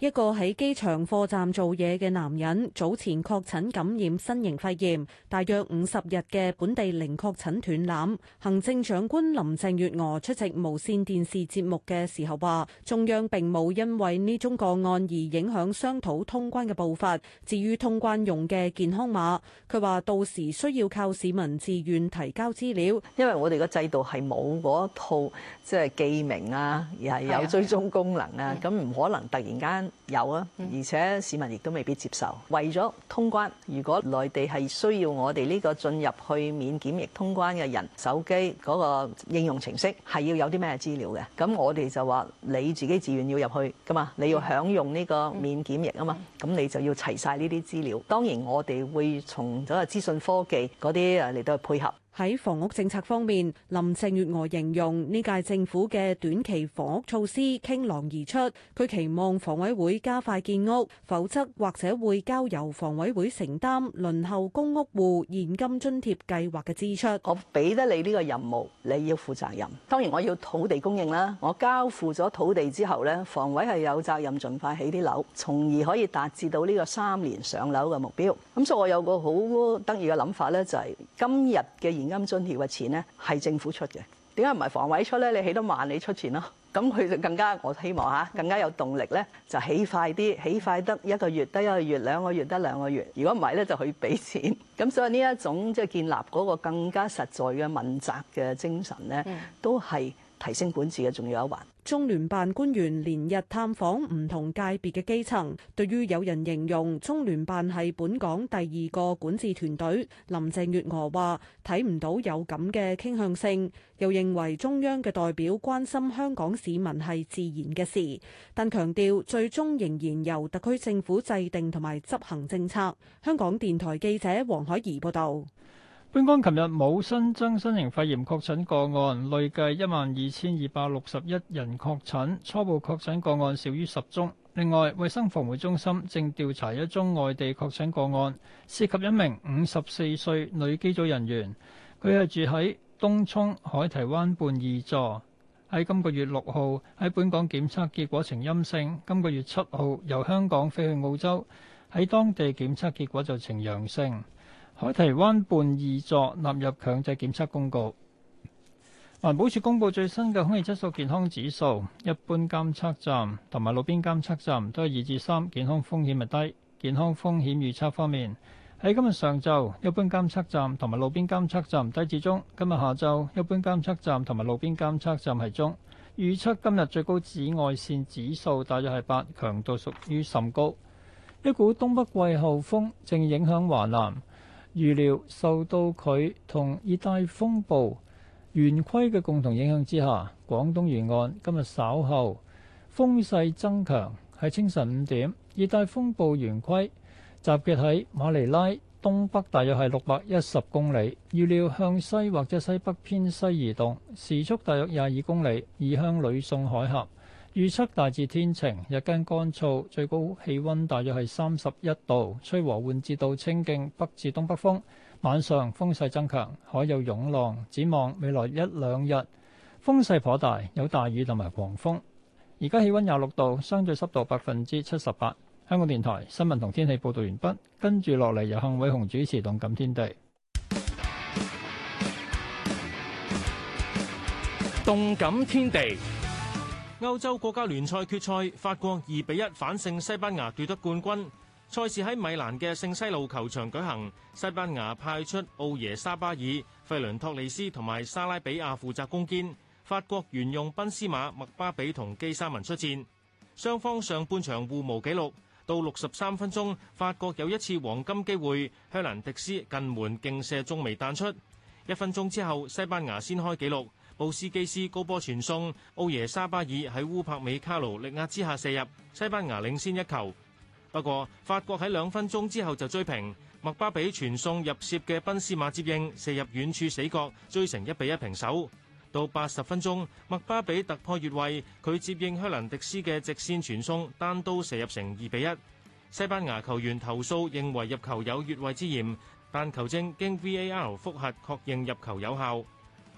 Speaker 16: 一個喺機場貨站做嘢嘅男人，早前確診感染新型肺炎，大約五十日嘅本地零確診斷纜。行政長官林鄭月娥出席無綫電視節目嘅時候話，中央並冇因為呢宗個案而影響商討通關嘅步伐。至於通關用嘅健康碼，佢話到時需要靠市民自願提交資料。因為我哋個制度係冇嗰一套即係記
Speaker 17: 名啊，而係、啊啊、有追蹤功能啊，咁唔、啊、可能突然間。有啊，而且市民亦都未必接受。為咗通關，如果內地係需要我哋呢個進入去免檢疫通關嘅人，手機嗰個應用程式，係要有啲咩資料嘅？咁我哋就話你自己自願要入去噶嘛，你要享用呢個免檢疫啊嘛，
Speaker 16: 咁你就要齊晒呢啲資料。當然我哋會從咗資訊科技嗰啲誒嚟到去配合。喺房屋政策方面，林鄭月娥形容呢屆政府嘅短期房屋措施傾囊而出。佢期望房委會加快建屋，否則或者會交由房委會承擔輪候公屋戶現金津貼計劃嘅支出。我俾得你呢個任務，你要負責任。當然我要土地供應
Speaker 17: 啦。我交付咗土地之後咧，房委係有責任盡快起啲樓，從而可以達至到呢個三年上樓嘅目標，咁所以我有個好得意嘅諗法咧，就係今日嘅現金津貼嘅錢咧係政府出嘅，點解唔係房委出咧？你起得慢你出錢咯，咁佢就更加我希望吓，更加有動力咧，就起快啲，起快得一個月得一個月，兩個月得兩個月。如果唔係咧，就可以俾錢。咁所以呢一種即係建立嗰個更加實在嘅問責嘅精神咧，都係提升管治嘅
Speaker 16: 重要一環。中聯辦官員連日探訪唔同界別嘅基層，對於有人形容中聯辦係本港第二個管治團隊，林鄭月娥話睇唔到有咁嘅傾向性，又認為中央嘅代表關心香港市民係自然嘅事，但強調最終仍然由特區政府制定同埋執行政策。香港電台記者黃海怡報道。
Speaker 14: 本港琴日冇新增新型肺炎確診個案，累計一萬二千二百六十一人確診，初步確診個案少於十宗。另外，衛生防護中心正調查一宗外地確診個案，涉及一名五十四歲女機組人員，佢係住喺東涌海堤灣畔二座，喺今個月六號喺本港檢測結果呈陰性，今個月七號由香港飛去澳洲，喺當地檢測結果就呈陽性。海堤灣畔二座納入強制檢測公告。環保署公布最新嘅空氣質素健康指數，一般監測站同埋路邊監測站都係二至三，健康風險係低。健康風險預測方面，喺今日上晝一般監測站同埋路邊監測站低至中；今日下晝一般監測站同埋路邊監測站係中。預測今日最高紫外線指數大約係八，強度屬於甚高。一股東北季候風正影響華南。預料受到佢同熱帶風暴圓規嘅共同影響之下，廣東沿岸今日稍後風勢增強。喺清晨五點，熱帶風暴圓規集結喺馬尼拉東北，大約係六百一十公里。預料向西或者西北偏西移動，時速大約廿二公里，移向呂宋海峽。預測大致天晴，日間乾燥，最高氣溫大約係三十一度，吹和緩至到清勁，北至東北風。晚上風勢增強，海有湧浪。展望未來一兩日，風勢頗大，有大雨同埋狂風。而家氣溫廿六度，相對濕度百分之七十八。香港電台新聞同天氣報道完畢，跟住落嚟由幸偉雄主持《動感天地》。
Speaker 11: 《動感天地》歐洲國家聯賽決賽，法國二比一反勝西班牙奪得冠軍。賽事喺米蘭嘅聖西路球場舉行。西班牙派出奧耶沙巴爾、費倫托利斯同埋沙拉比亞負責攻堅，法國沿用賓斯馬、麥巴比同基沙文出戰。雙方上半場互無紀錄，到六十三分鐘，法國有一次黃金機會，香蘭迪斯近門勁射中楣彈出。一分鐘之後，西班牙先開紀錄。布斯基斯高波傳送，奧耶沙巴爾喺烏帕美卡盧力壓之下射入，西班牙領先一球。不過法國喺兩分鐘之後就追平，麥巴比傳送入楔嘅賓斯馬接應射入遠處死角，追成一比一平手。到八十分鐘，麥巴比突破越位，佢接應克蘭迪斯嘅直線傳送，單刀射入成二比一。西班牙球員投訴認為入球有越位之嫌，但球證經 VAR 複核確認入球有效。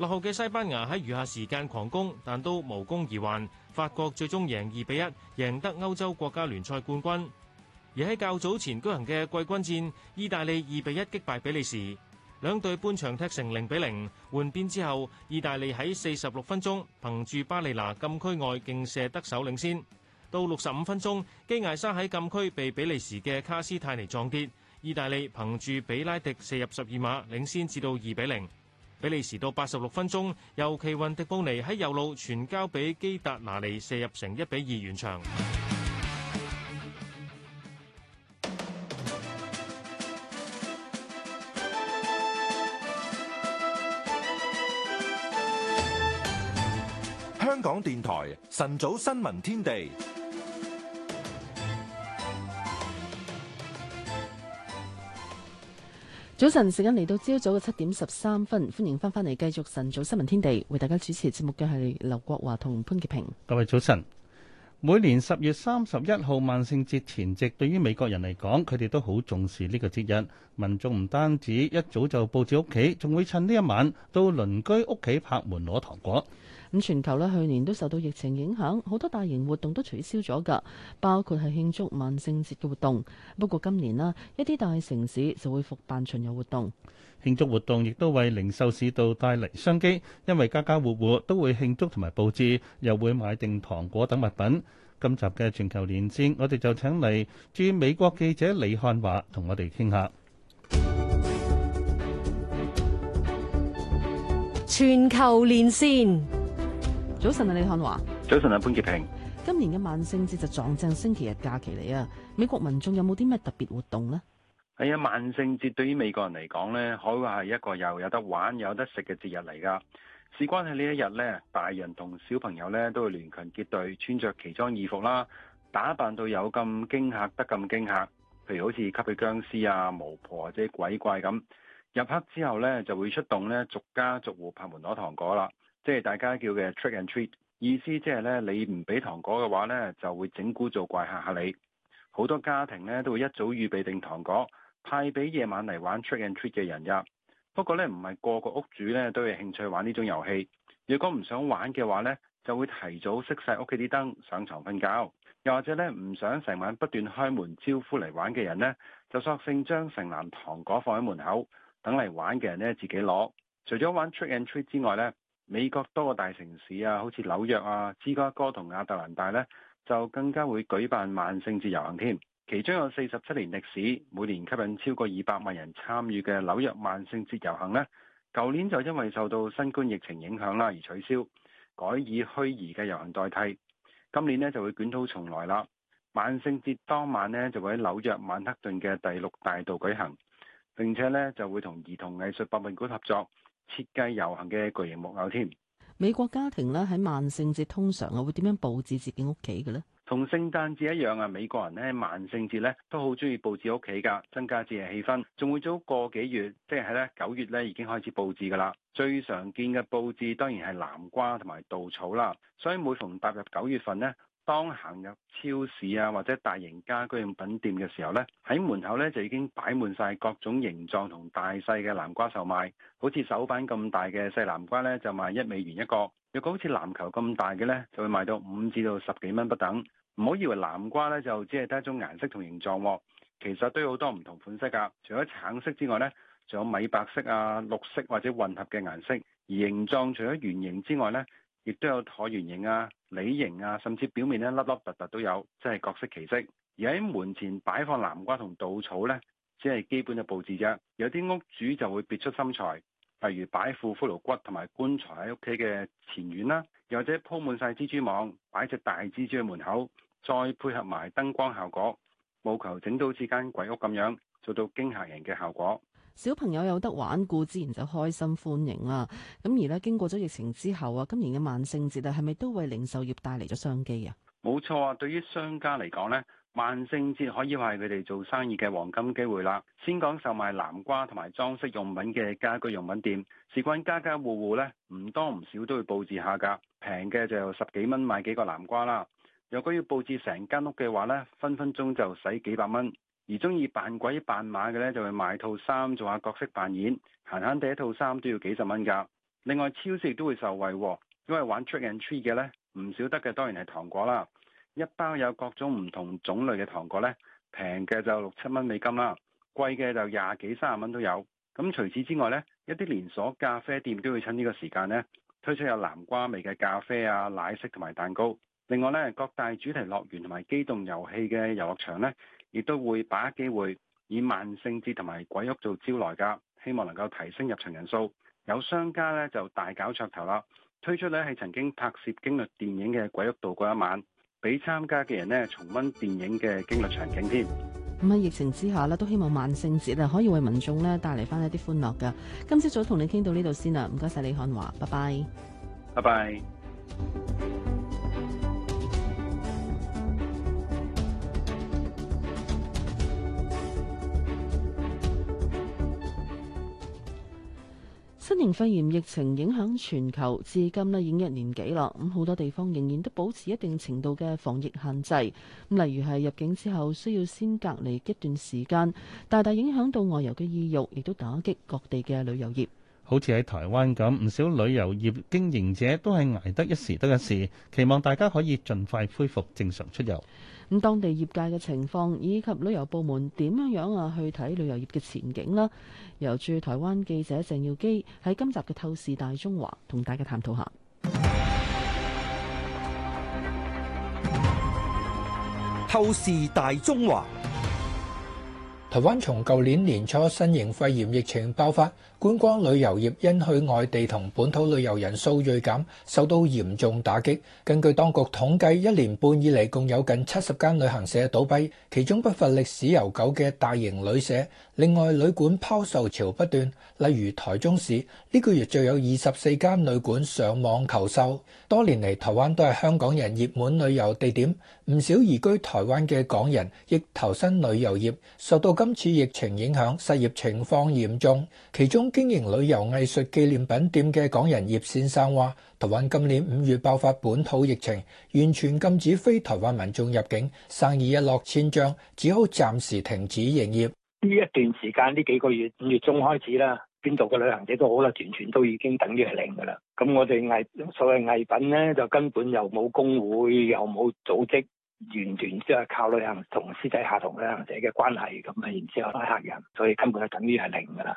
Speaker 11: 落後嘅西班牙喺餘下時間狂攻，但都無功而還。法國最終贏二比一，贏得歐洲國家聯賽冠軍。而喺較早前舉行嘅季軍戰，意大利二比一擊敗比利時，兩隊半場踢成零比零。換邊之後，意大利喺四十六分鐘憑住巴利拿禁區外勁射得手領先。到六十五分鐘，基艾沙喺禁區被比利時嘅卡斯泰尼撞跌，意大利憑住比拉迪射入十二碼，領先至到二比零。比利時到八十六分鐘，由奇雲迪布尼喺右路傳交俾基達拿尼射入，成一比二完場。
Speaker 1: 香港電台晨早新聞天地。
Speaker 3: 早晨，時間嚟到朝早嘅七點十三分，歡迎翻返嚟繼續晨早新聞天地，為大家主持節目嘅係劉國華同潘潔平。
Speaker 4: 各位早晨。每年十月三十一號萬聖節前夕，對於美國人嚟講，佢哋都好重視呢個節日。民眾唔單止一早就佈置屋企，
Speaker 3: 仲會趁呢一晚到鄰居屋企拍門攞糖果。咁全球呢去年都受到疫情影響，好多大型活動都取消咗噶，包括係慶祝萬聖節嘅活動。不過今年啦，一啲大城市就會復辦巡遊活動。慶祝活動亦
Speaker 4: 都為零售市道帶嚟商機，因為家家戶戶都會慶祝同埋佈置，又會買定糖果等物品。今集嘅全球連線，我哋就請嚟駐美國記者李漢華同我哋傾下
Speaker 3: 全球連線。早晨啊，李漢華。
Speaker 18: 早晨啊，潘潔平。
Speaker 3: 今年嘅萬聖節就撞正星期日假期嚟啊！美國民眾有冇啲咩特別活動呢？
Speaker 18: 係啊，萬聖節對於美國人嚟講咧，可以話係一個又有得玩有得食嘅節日嚟噶。事關喺呢一日咧，大人同小朋友咧都會聯群結隊，穿着奇裝異服啦，打扮到有咁驚嚇，得咁驚嚇。譬如好似吸血僵屍啊、巫婆或者鬼怪咁，入黑之後咧就會出動咧，逐家逐戶拍門攞糖果啦。即係大家叫嘅 trick and treat，意思即係咧，你唔俾糖果嘅話咧，就會整蠱做怪嚇嚇你。好多家庭咧都會一早預備定糖果，派俾夜晚嚟玩 trick and treat 嘅人入。不過咧，唔係個個屋主咧都有興趣玩呢種遊戲。如果唔想玩嘅話咧，就會提早熄晒屋企啲燈，上床瞓覺。又或者咧，唔想成晚不斷開門招呼嚟玩嘅人咧，就索性將成籃糖果放喺門口，等嚟玩嘅人咧自己攞。除咗玩 trick and treat 之外咧，美國多個大城市啊，好似紐約啊、芝加哥同亞特蘭大呢，就更加會舉辦萬聖節遊行添。其中有四十七年歷史，每年吸引超過二百萬人參與嘅紐約萬聖節遊行呢，舊年就因為受到新冠疫情影響啦而取消，改以虛擬嘅遊行代替。今年呢，就會捲土重來啦。萬聖節當晚呢，就會喺紐約曼克頓嘅第六大道舉行，並且呢，就會同兒童藝術博物館合作。設計遊行嘅巨型木偶添。
Speaker 3: 美國家庭咧，喺萬聖節通常啊會點樣佈置自己屋企嘅呢？
Speaker 18: 同聖誕節一樣啊，美國人咧，萬聖節咧，都好中意佈置屋企㗎，增加節日氣氛。仲會早個幾月，即係咧，九月咧，已經開始佈置㗎啦。最常見嘅佈置當然係南瓜同埋稻草啦。所以每逢踏入九月份咧，當行入超市啊，或者大型家居用品店嘅時候咧，喺門口咧就已經擺滿晒各種形狀同大細嘅南瓜售賣。好似手板咁大嘅細南瓜咧，就賣一美元一個；若果好似籃球咁大嘅咧，就會賣到五至到十幾蚊不等。唔好以為南瓜咧就只係得一種顏色同形狀啊，其實都有好多唔同款式㗎啊。除咗橙色之外咧，仲有米白色啊、綠色或者混合嘅顏色。而形狀除咗圓形之外咧，亦都有橢圓形啊。梨形啊，甚至表面咧凹凹凸凸都有，即係各色其色。而喺門前擺放南瓜同稻草咧，只係基本嘅布置啫。有啲屋主就會別出心裁，例如擺副骷髏骨同埋棺材喺屋企嘅前院啦，又或者鋪滿晒蜘蛛網，擺隻大蜘蛛喺門口，再配合埋燈光效果，務求整到似間鬼屋咁樣，做到驚嚇人嘅效果。
Speaker 3: 小朋友有得玩，固自然就開心歡迎啦。咁而呢，經過咗疫情之後啊，今年嘅萬聖節啊，係咪都為零售業帶嚟咗商機啊？
Speaker 18: 冇錯啊！對於商家嚟講呢，萬聖節可以話係佢哋做生意嘅黃金機會啦。先講售賣南瓜同埋裝飾用品嘅家居用品店，事關家家戶戶呢，唔多唔少都會布置下噶。平嘅就有十幾蚊買幾個南瓜啦。如果要布置成間屋嘅話呢，分分鐘就使幾百蚊。而中意扮鬼扮馬嘅咧，就會買套衫做下角色扮演，閒閒地一套衫都要幾十蚊噶。另外，超市亦都會受惠喎，因為玩 Trick and Treat 嘅咧，唔少得嘅當然係糖果啦。一包有各種唔同種類嘅糖果咧，平嘅就六七蚊美金啦，貴嘅就廿幾三十蚊都有。咁除此之外咧，一啲連鎖咖啡店都會趁呢個時間咧，推出有南瓜味嘅咖啡啊、奶昔同埋蛋糕。另外咧，各大主題樂園同埋機動遊戲嘅遊樂場咧，亦都會把握機會以萬聖節同埋鬼屋做招徠噶，希望能夠提升入場人數。有商家咧就大搞噱頭啦，推出咧係曾經拍攝驚慄電影嘅鬼屋度過一晚，俾參加嘅人呢重溫電影嘅驚慄場景添。咁
Speaker 3: 喺疫情之下呢，都希望萬聖節啊可以為民眾咧帶嚟翻一啲歡樂噶。今朝早同你傾到呢度先啦，唔該晒李漢華，拜拜，
Speaker 18: 拜拜。
Speaker 3: 型肺炎疫情影響全球，至今咧已經一年幾啦。咁好多地方仍然都保持一定程度嘅防疫限制，例如係入境之後需要先隔離一段時間，大大影響到外遊嘅意欲，亦都打擊各地嘅旅遊業。
Speaker 4: 好似喺台灣咁，唔少旅遊業經營者都係捱得一時得一時，期望大家可以盡快恢復正常出遊。
Speaker 3: 咁當地業界嘅情況以及旅遊部門點樣樣啊去睇旅遊業嘅前景啦？由駐台灣記者鄭耀基喺今集嘅《透視大中華》同大家探討下《透視大中華》。
Speaker 19: 台灣從舊年年初新型肺炎疫情爆發。觀光旅遊業因去外地同本土旅遊人數銳減，受到嚴重打擊。根據當局統計，一年半以嚟共有近七十間旅行社倒閉，其中不乏歷史悠久嘅大型旅社。另外，旅館拋售潮不斷，例如台中市呢個月就有二十四間旅館上網求售。多年嚟，台灣都係香港人熱門旅遊地點，唔少移居台灣嘅港人亦投身旅遊業，受到今次疫情影響，失業情況嚴重，其中。經營旅遊藝術紀念品店嘅港人葉先生話：台灣今年五月爆發本土疫情，完全禁止非台灣民眾入境，生意一落千丈，只好暫時停止營業。
Speaker 8: 呢一段時間，呢幾個月，五月中開始啦，邊度嘅旅行者都好啦，完全都已經等於係零噶啦。咁我哋藝所謂藝品咧，就根本又冇工會，又冇組織，完全即係靠旅行私同私底下同旅行者嘅關係咁啊，然之後拉客人，所以根本係等於係零噶啦。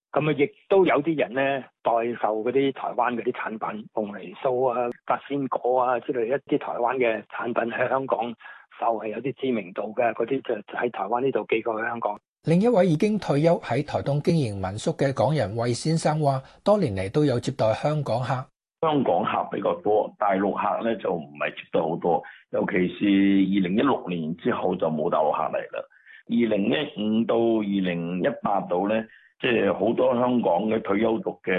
Speaker 8: 咁啊，亦都有啲人咧代售嗰啲台灣嗰啲產品，鳳梨酥啊、八仙果啊之類一啲台灣嘅產品喺香港售係有啲知名度嘅，嗰啲就喺台灣呢度寄過去香港。
Speaker 19: 另一位已經退休喺台東經營民宿嘅港人魏先生話多年嚟都有接待香港客，
Speaker 5: 香港客比較多，大陸客咧就唔係接待好多，尤其是二零一六年之後就冇大陸客嚟啦。二零一五到二零一八度咧。即係好多香港嘅退休族嘅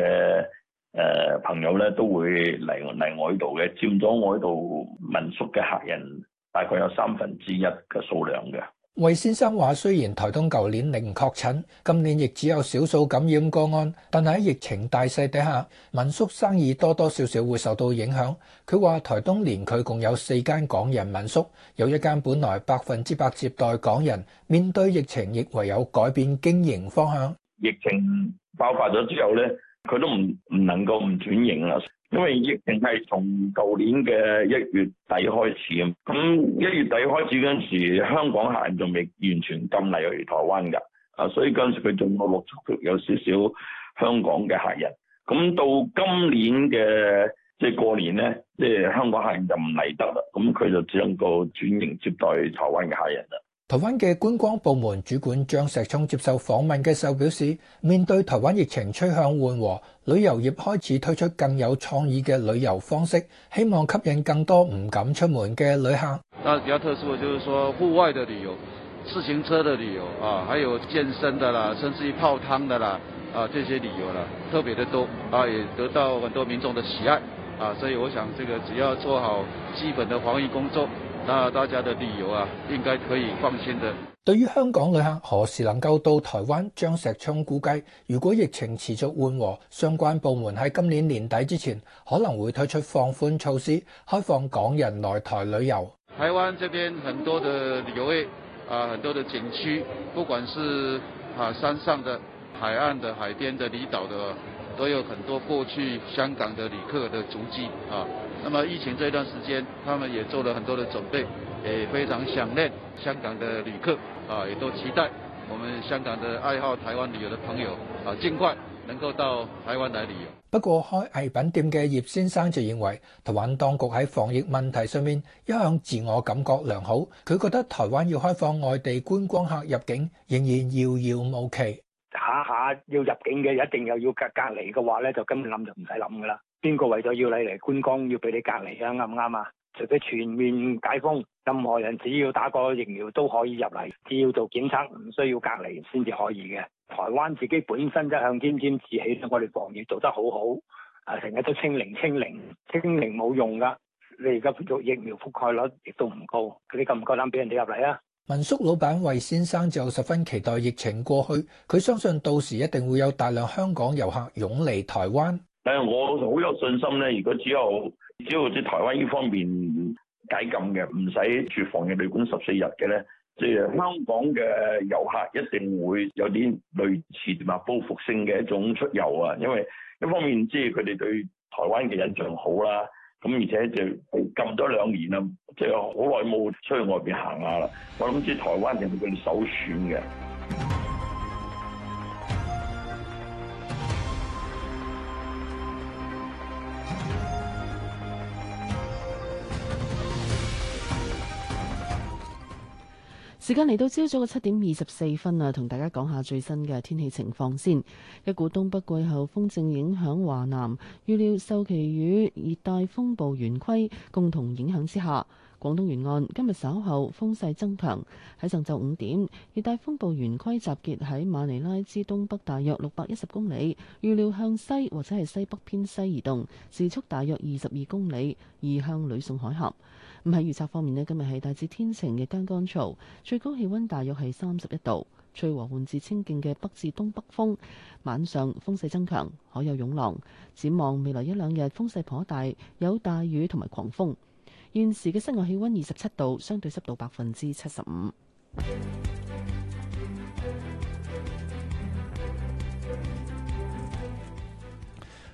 Speaker 5: 誒朋友咧，都會嚟嚟我呢度嘅，佔咗我呢度民宿嘅客人大概有三分之一嘅數量嘅。
Speaker 19: 魏先生話：雖然台東舊年零確診，今年亦只有少數感染個案，但係喺疫情大勢底下，民宿生意多多少少會受到影響。佢話：台東連佢共有四間港人民宿，有一間本來百分之百接待港人，面對疫情亦唯有改變經營方向。
Speaker 5: 疫情爆發咗之後咧，佢都唔唔能夠唔轉型啦，因為疫情係從舊年嘅一月底開始啊。咁一月底開始嗰陣時，香港客人仲未完全禁嚟去台灣㗎，啊，所以嗰陣時佢仲有陸續有少少香港嘅客人。咁到今年嘅即係過年咧，即係香港客人就唔嚟得啦，咁佢就只能夠轉型接待台灣嘅客人啦。
Speaker 19: 台灣嘅觀光部門主管張石聰接受訪問嘅時候表示，面對台灣疫情趨向緩和，旅遊業開始推出更有創意嘅旅遊方式，希望吸引更多唔敢出門嘅旅客。
Speaker 18: 那比較特殊的就是說戶外的旅遊、自行車的旅遊啊，還有健身的啦，甚至於泡湯的啦啊，這些旅遊啦特別的多啊，也得到很多民眾的喜愛啊，所以我想這個只要做好基本的防疫工作。那大家的旅遊啊，應該可以放心的。
Speaker 19: 對於香港旅客何時能夠到台灣，張石聰估計，如果疫情持續緩和，相關部門喺今年年底之前可能會推出放寬措施，開放港人來台旅遊。
Speaker 18: 台灣這邊很多的旅遊誒，啊，很多的景區，不管是啊山上的、海岸的、海邊的、離島的，都有很多過去香港的旅客的足跡啊。那麼疫情這段時間，他們也做了很多的準備，也非常想念香港的旅客，啊，也都期待我們香港的愛好台灣旅遊的朋友，啊，儘快能夠到
Speaker 1: 台灣來旅遊。
Speaker 19: 不過開藝品店嘅葉先生就認為，台灣當局喺防疫問題上面一向自我感覺良好，佢覺得台灣要開放外地觀光客入境仍然遙遙無期。
Speaker 8: 下下要入境嘅一定又要隔隔離嘅話咧，就根本諗就唔使諗㗎喇。邊個為咗要你嚟觀光，要俾你隔離啊？啱唔啱啊？除非全面解封，任何人只要打過疫苗都可以入嚟，只要做檢測，唔需要隔離先至可以嘅。台灣自己本身一向沾沾自喜，我哋防疫做得好好，啊成日都清零、清零、清零、清零，冇用噶。你而家做疫苗覆蓋率亦都唔高，你夠唔夠膽俾人哋入嚟啊？
Speaker 19: 民宿老闆魏先生就十分期待疫情過去，佢相信到時一定會有大量香港遊客湧嚟台灣。
Speaker 5: 但係我好有信心咧，如果只有只要即係台灣呢方面解禁嘅，唔使住房嘅旅館十四日嘅咧，即係香港嘅遊客一定會有啲類似嘛，報復性嘅一種出遊啊，因為一方面即係佢哋對台灣嘅印象好啦，咁而且就禁咗兩年啦，即係好耐冇出去外邊行下啦，我諗即係台灣人哋首選嘅。
Speaker 3: 時間嚟到朝早嘅七點二十四分啊，同大家講下最新嘅天氣情況先。一股東北季候風正影響華南，預料受其與熱帶風暴圓規共同影響之下，廣東沿岸今日稍後風勢增強。喺上晝五點，熱帶風暴圓規集結喺馬尼拉之東北大約六百一十公里，預料向西或者係西北偏西移動，時速大約二十二公里，移向呂宋海峽。咁喺預測方面咧，今日係大致天晴嘅間乾燥，最高氣溫大約係三十一度，吹和緩至清勁嘅北至東北風，晚上風勢增強，可有湧浪。展望未來一兩日風勢頗大，有大雨同埋狂風。現時嘅室外氣溫二十七度，相對濕度百分之七十五。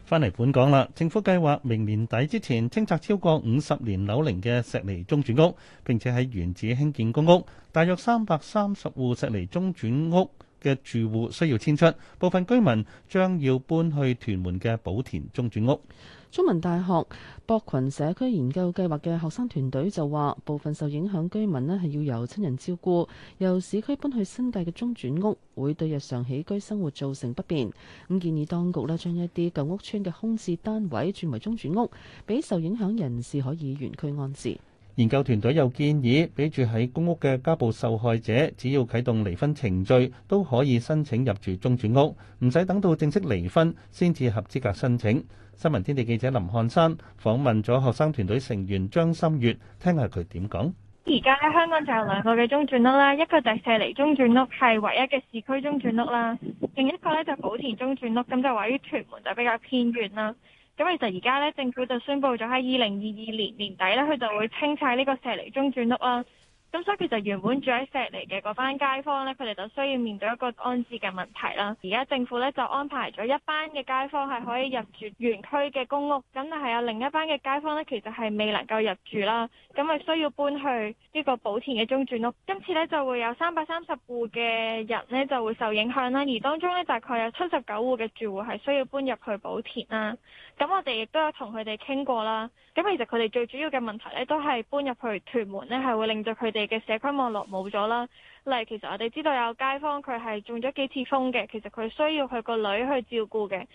Speaker 4: 翻嚟本港啦，政府計劃明年底之前清拆超過五十年樓齡嘅石梨中轉屋，並且喺原址興建公屋。大約三百三十戶石梨中轉屋嘅住戶需要遷出，部分居民將要搬去屯門嘅寶田中轉屋。
Speaker 3: 中文大學博群社區研究計劃嘅學生團隊就話，部分受影響居民咧係要由親人照顧，由市區搬去新界嘅中轉屋，會對日常起居生活造成不便。咁建議當局咧將一啲舊屋邨嘅空置單位轉為中轉屋，俾受影響人士可以原區安置。
Speaker 4: 研究團隊又建議，俾住喺公屋嘅家暴受害者，只要啟動離婚程序，都可以申請入住中轉屋，唔使等到正式離婚先至合資格申請。新聞天地記者林漢山訪問咗學生團隊成員張心月，聽下佢點講。
Speaker 20: 而家咧，香港就有兩個嘅中轉屋啦，一個就係石籬中轉屋，係唯一嘅市區中轉屋啦，另一個咧就寶田中轉屋，咁就位於屯門，就比較偏遠啦。咁其實而家咧，政府就宣佈咗喺二零二二年年底咧，佢就會清拆呢個石籬中轉屋啦。咁所以其實原本住喺石籬嘅嗰班街坊咧，佢哋就需要面對一個安置嘅問題啦。而家政府咧就安排咗一班嘅街坊係可以入住原區嘅公屋，咁但係有另一班嘅街坊咧，其實係未能夠入住啦，咁咪需要搬去呢個寶田嘅中轉屋。今次咧就會有三百三十戶嘅人咧就會受影響啦，而當中咧大概有七十九戶嘅住戶係需要搬入去寶田啦。咁我哋亦都有同佢哋傾過啦。咁其實佢哋最主要嘅問題呢，都係搬入去屯門呢，係會令到佢哋嘅社區網絡冇咗啦。例如，其實我哋知道有街坊佢係中咗幾次風嘅，其實佢需要佢個女去照顧嘅。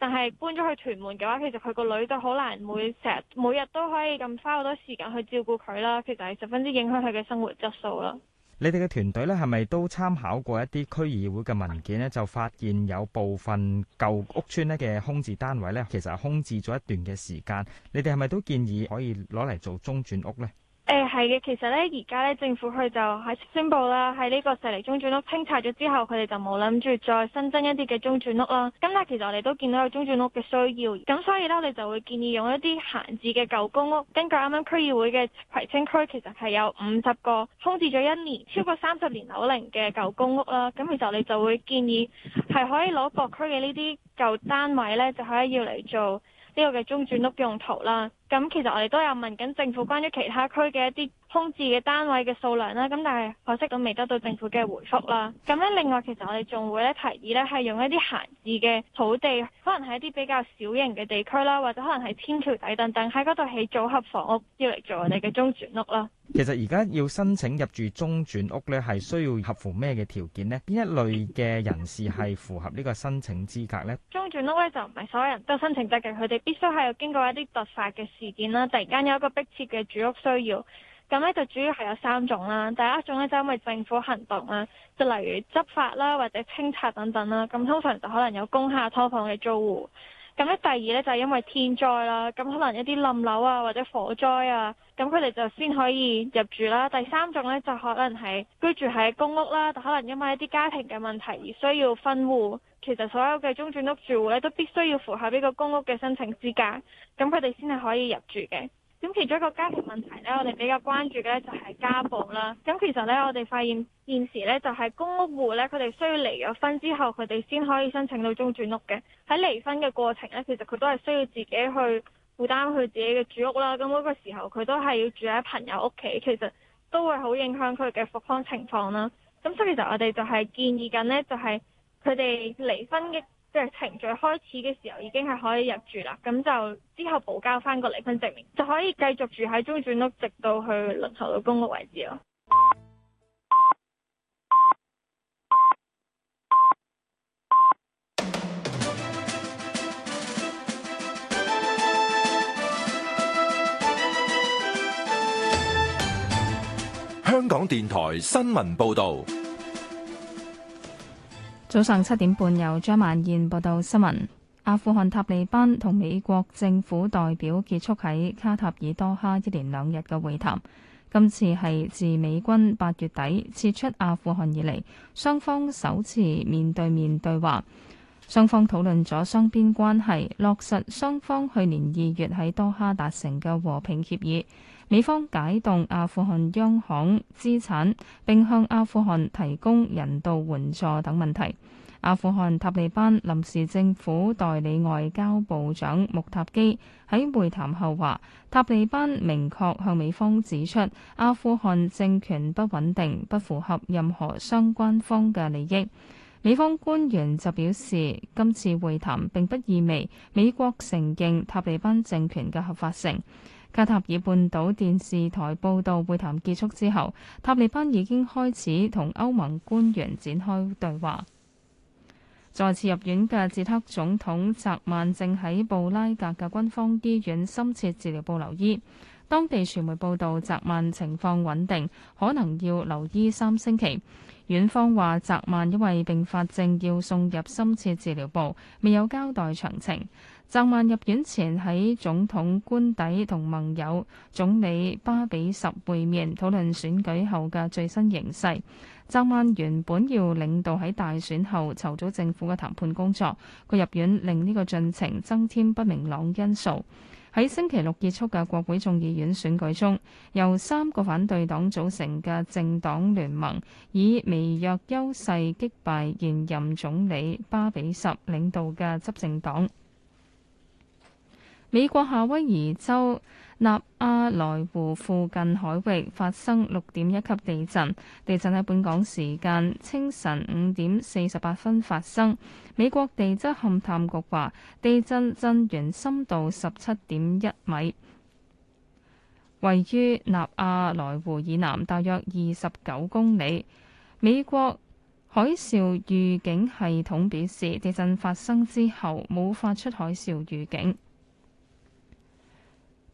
Speaker 20: 但係搬咗去屯門嘅話，其實佢個女就好難每成日每日都可以咁花好多時間去照顧佢啦。其實係十分之影響佢嘅生活質素啦。
Speaker 11: 你哋嘅團隊咧，係咪都參考過一啲區議會嘅文件咧？就發現有部分舊屋邨咧嘅空置單位咧，其實係空置咗一段嘅時間。你哋係咪都建議可以攞嚟做中轉屋咧？
Speaker 20: 誒係嘅，其實咧而家咧政府佢就喺宣佈啦，喺呢個石梨中轉屋清拆咗之後，佢哋就冇諗住再新增一啲嘅中轉屋啦。咁啦，其實我哋都見到有中轉屋嘅需要，咁所以咧，我哋就會建議用一啲閒置嘅舊公屋。根據啱啱區議會嘅葵青區，其實係有五十個空置咗一年、超過三十年樓齡嘅舊公屋啦。咁其實我哋就會建議係可以攞各區嘅呢啲舊單位咧，就可以要嚟做呢個嘅中轉屋用途啦。咁其實我哋都有問緊政府關於其他區嘅一啲空置嘅單位嘅數量啦，咁但係可惜都未得到政府嘅回覆啦。咁咧，另外其實我哋仲會咧提議咧，係用一啲閒置嘅土地，可能係一啲比較小型嘅地區啦，或者可能係天橋底等等喺嗰度起組合房屋，要嚟做我哋嘅中轉屋啦。
Speaker 11: 其實而家要申請入住中轉屋咧，係需要合乎咩嘅條件呢？邊一類嘅人士係符合呢個申請資格呢？
Speaker 20: 中轉屋咧就唔係所有人都申請得嘅，佢哋必須係要經過一啲突發嘅。事件啦，突然間有一個迫切嘅住屋需要，咁咧就主要係有三種啦。第一種咧就因為政府行動啦，就例如執法啦或者清拆等等啦，咁通常就可能有公廈劏房嘅租戶。咁咧第二咧就係因為天災啦，咁可能一啲冧樓啊或者火災啊，咁佢哋就先可以入住啦。第三種咧就可能係居住喺公屋啦，就可能因為一啲家庭嘅問題而需要分戶。其實所有嘅中轉屋住戶咧，都必須要符合呢個公屋嘅申請資格，咁佢哋先係可以入住嘅。咁其中一個家庭問題呢，我哋比較關注嘅呢，就係家暴啦。咁其實呢，我哋發現現時呢，就係公屋戶呢，佢哋需要離咗婚之後，佢哋先可以申請到中轉屋嘅。喺離婚嘅過程呢，其實佢都係需要自己去負擔佢自己嘅住屋啦。咁嗰個時候佢都係要住喺朋友屋企，其實都會好影響佢嘅復康情況啦。咁所以其實我哋就係建議緊呢，就係。佢哋離婚嘅即係程序開始嘅時候，已經係可以入住啦。咁就之後補交返個離婚證明，就可以繼續住喺中轉屋，直到去輪候到公屋位置咯。
Speaker 1: 香港電台新聞報導。
Speaker 15: 早上七點半，由張曼燕報道新聞。阿富汗塔利班同美國政府代表結束喺卡塔爾多哈一連兩日嘅會談。今次係自美軍八月底撤出阿富汗以嚟，雙方首次面對面對話。雙方討論咗雙邊關係，落實雙方去年二月喺多哈達成嘅和平協議。美方解凍阿富汗央行資產，並向阿富汗提供人道援助等問題。阿富汗塔利班臨時政府代理外交部長穆塔基喺會談後話：塔利班明確向美方指出，阿富汗政權不穩定，不符合任何相關方嘅利益。美方官員就表示，今次會談並不意味美國承認塔利班政權嘅合法性。加塔爾半島電視台報導，會談結束之後，塔利班已經開始同歐盟官員展開對話。再次入院嘅捷克總統澤曼正喺布拉格嘅軍方醫院深切治療部留醫。當地傳媒報導，澤曼情況穩定，可能要留醫三星期。院方話，澤曼因為併發症要送入深切治療部，未有交代詳情。澤曼入院前喺總統官邸同盟友總理巴比什會面，討論選舉後嘅最新形勢。澤曼原本要領導喺大選後籌組政府嘅談判工作，佢入院令呢個進程增添不明朗因素。喺星期六結束嘅國會眾議院選舉中，由三個反對黨組成嘅政黨聯盟以微弱優勢擊敗現任總理巴比什領導嘅執政黨。美國夏威夷州納阿萊湖附近海域發生六點一級地震。地震喺本港時間清晨五點四十八分發生。美國地質勘探，探局話，地震震源深度十七點一米，位於納阿萊湖以南大約二十九公里。美國海嘯預警系統表示，地震發生之後冇發出海嘯預警。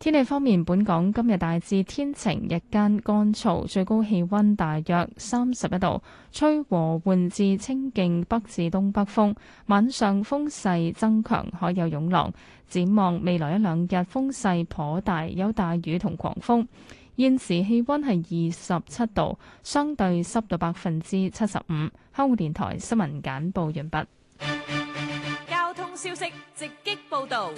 Speaker 15: 天氣方面，本港今日大致天晴，日間乾燥，最高氣溫大約三十一度，吹和緩至清勁北至東北風。晚上風勢增強，海有湧浪。展望未來一兩日，風勢頗大，有大雨同狂風。現時氣溫係二十七度，相對濕度百分之七十五。香港電台新聞簡報完畢。
Speaker 9: 交通消息直擊報道。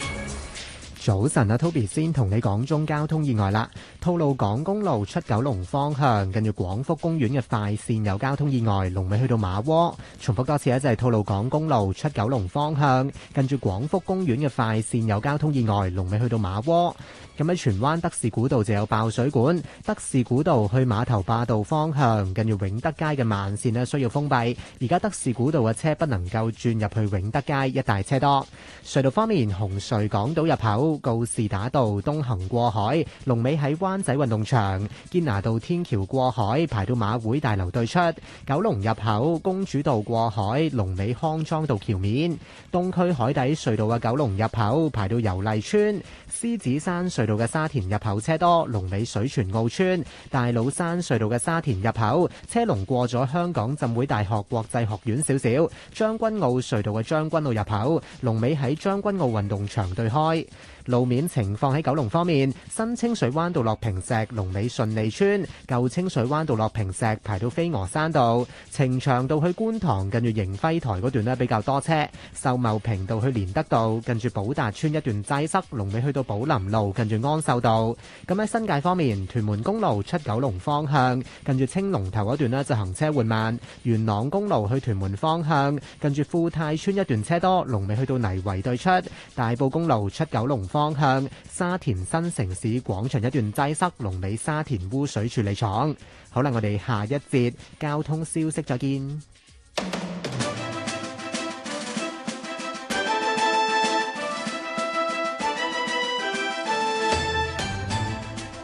Speaker 13: 早晨啊，Toby 先同你講中交通意外啦。吐露港公路出九龍方向，跟住廣福公園嘅快線有交通意外，龍尾去到馬窩。重複多次啊，就係吐露港公路出九龍方向，跟住廣福公園嘅快線有交通意外，龍尾去到馬窩。咁喺荃灣德士古道就有爆水管，德士古道去碼頭壩道方向，跟住永德街嘅慢線咧需要封閉。而家德士古道嘅車不能夠轉入去永德街，一帶車多。隧道方面，紅隧港島入口。告士打道東行過海，龍尾喺灣仔運動場；堅拿道天橋過海，排到馬會大樓對出；九龍入口公主道過海，龍尾康莊道橋面；東區海底隧道嘅九龍入口，排到油麗村；獅子山隧道嘅沙田入口車多，龍尾水泉澳村；大老山隧道嘅沙田入口車龍過咗香港浸會大學國際學院少少；將軍澳隧道嘅將軍澳入口，龍尾喺將軍澳運動場對開。路面情況喺九龍方面，新清水灣道落坪石、龍尾順利村；舊清水灣道落坪石排到飛鵝山道，呈祥道去觀塘近住迎輝台嗰段呢比較多車。秀茂坪道去連德道近住寶達村一段擠塞，龍尾去到寶林路近住安秀道。咁喺新界方面，屯門公路出九龍方向近住青龍頭嗰段呢就行車緩慢。元朗公路去屯門方向近住富泰村一段車多，龍尾去到泥圍對出。大埔公路出九龍方向沙田新城市廣場一段擠塞，龍尾沙田污水處理廠。好喇，我哋下一節交通消息再見。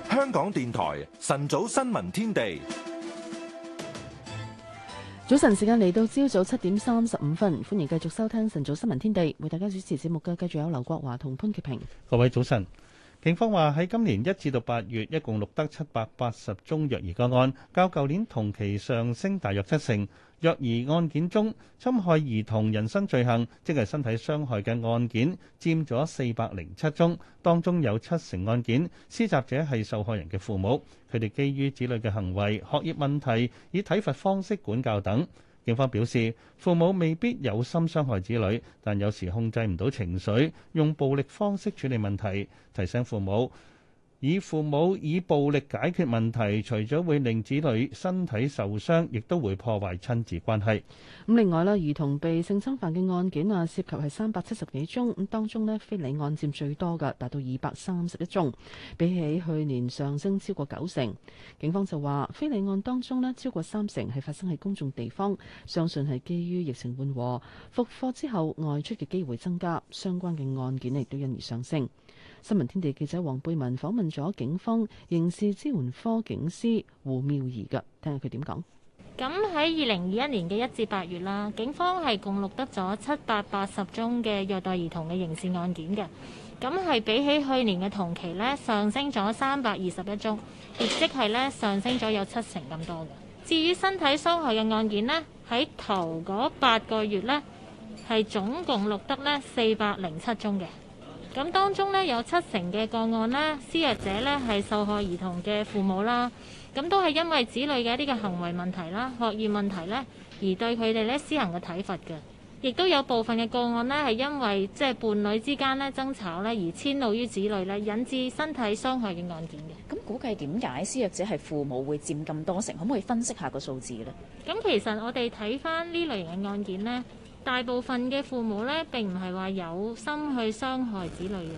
Speaker 1: 香港電台晨早新聞天地。
Speaker 3: 早晨時間嚟到，朝早七點三十五分，歡迎繼續收聽晨早新聞天地，為大家主持節目嘅繼續有劉國華同潘潔平。
Speaker 4: 各位早晨。警方話喺今年一至到八月，一共錄得七百八十宗虐兒個案，較舊年同期上升大約七成。虐兒案件中，侵害兒童人身罪行，即係身體傷害嘅案件，佔咗四百零七宗，當中有七成案件施襲者係受害人嘅父母，佢哋基於子女嘅行為、學業問題，以體罰方式管教等。警方表示，父母未必有心傷害子女，但有時控制唔到情緒，用暴力方式處理問題，提醒父母。以父母以暴力解決問題，除咗會令子女身體受傷，亦都會破壞親子關係。
Speaker 3: 咁另外呢，兒童被性侵犯嘅案件啊，涉及係三百七十幾宗，咁當中呢，非禮案佔最多嘅，達到二百三十一宗，比起去年上升超過九成。警方就話，非禮案當中呢，超過三成係發生喺公眾地方，相信係基於疫情緩和復課之後外出嘅機會增加，相關嘅案件亦都因而上升。新聞天地記者黃貝文訪問咗警方刑事支援科警司胡妙儀，噶聽下佢點講。
Speaker 12: 咁喺二零二一年嘅一至八月啦，警方係共錄得咗七百八十宗嘅虐待兒童嘅刑事案件嘅。咁係比起去年嘅同期咧，上升咗三百二十一宗，亦即係咧上升咗有七成咁多嘅。至於身體傷害嘅案件咧，喺頭嗰八個月咧係總共錄得咧四百零七宗嘅。咁當中咧有七成嘅個案呢，施虐者呢係受害兒童嘅父母啦，咁都係因為子女嘅一啲嘅行為問題啦、學業問題呢，而對佢哋呢施行嘅體罰嘅。亦都有部分嘅個案呢，係因為即係伴侶之間呢爭吵呢，而遷怒於子女呢，引致身體傷害嘅案件嘅。
Speaker 21: 咁估計點解施虐者係父母會佔咁多成？可唔可以分析下個數字呢？
Speaker 12: 咁其實我哋睇翻呢類型嘅案件呢。大部分嘅父母咧，並唔係話有心去傷害子女嘅，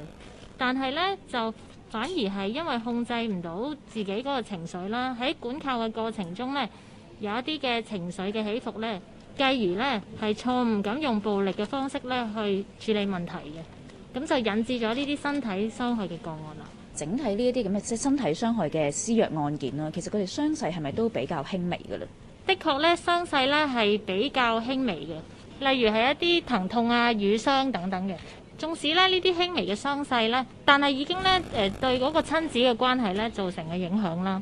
Speaker 12: 但係咧就反而係因為控制唔到自己嗰個情緒啦。喺管教嘅過程中咧，有一啲嘅情緒嘅起伏咧，繼而咧係錯誤咁用暴力嘅方式咧去處理問題嘅，咁
Speaker 21: 就引致咗呢啲身體傷害嘅個案啦。整體呢一啲咁嘅即係身體傷害嘅施虐案件啦，其實佢哋傷勢係咪都比較輕微噶咧？
Speaker 12: 的確咧，傷勢咧係比較輕微嘅。例如係一啲疼痛啊、瘀傷等等嘅，縱使咧呢啲輕微嘅傷勢咧，但係已經咧誒、呃、對嗰個親子嘅關係咧造成嘅影響啦，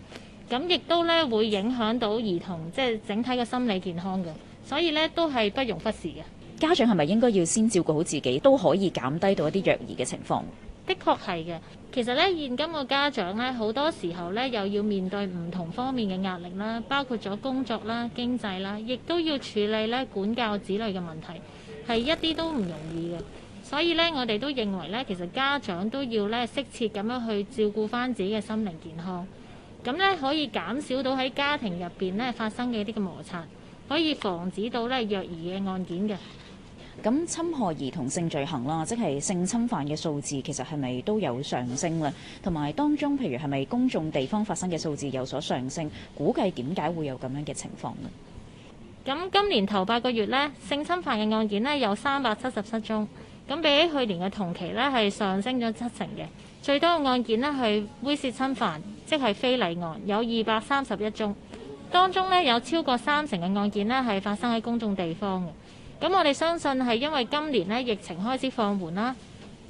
Speaker 12: 咁亦都咧會影響到兒童，即係、就是、整體嘅心理健康嘅，所以咧都係不容忽視嘅。
Speaker 21: 家長係咪應該要先照顧好自己，都可以減低到一啲虐兒嘅情況？
Speaker 12: 的確係嘅，其實咧現今嘅家長咧好多時候咧又要面對唔同方面嘅壓力啦，包括咗工作啦、經濟啦，亦都要處理咧管教子女嘅問題，係一啲都唔容易嘅。所以咧，我哋都認為咧，其實家長都要咧適切咁樣去照顧返自己嘅心靈健康，咁咧可以減少到喺家庭入邊咧發生嘅一啲嘅摩擦，可以防止到咧虐兒嘅案件嘅。
Speaker 21: 咁侵害兒童性罪行啦，即係性侵犯嘅數字，其實係咪都有上升咧？同埋當中，譬如係咪公眾地方發生嘅數字有所上升？估計點解會有咁樣嘅情況呢？咁今年
Speaker 12: 頭八個月呢，性侵犯嘅案件呢有三百七十七宗，咁比起去年嘅同期呢係上升咗七成嘅。最多嘅案件呢係猥褻侵犯，即係非禮案，有二百三十一宗。當中呢，有超過三成嘅案件呢係發生喺公眾地方嘅。咁我哋相信係因為今年咧疫情開始放緩啦，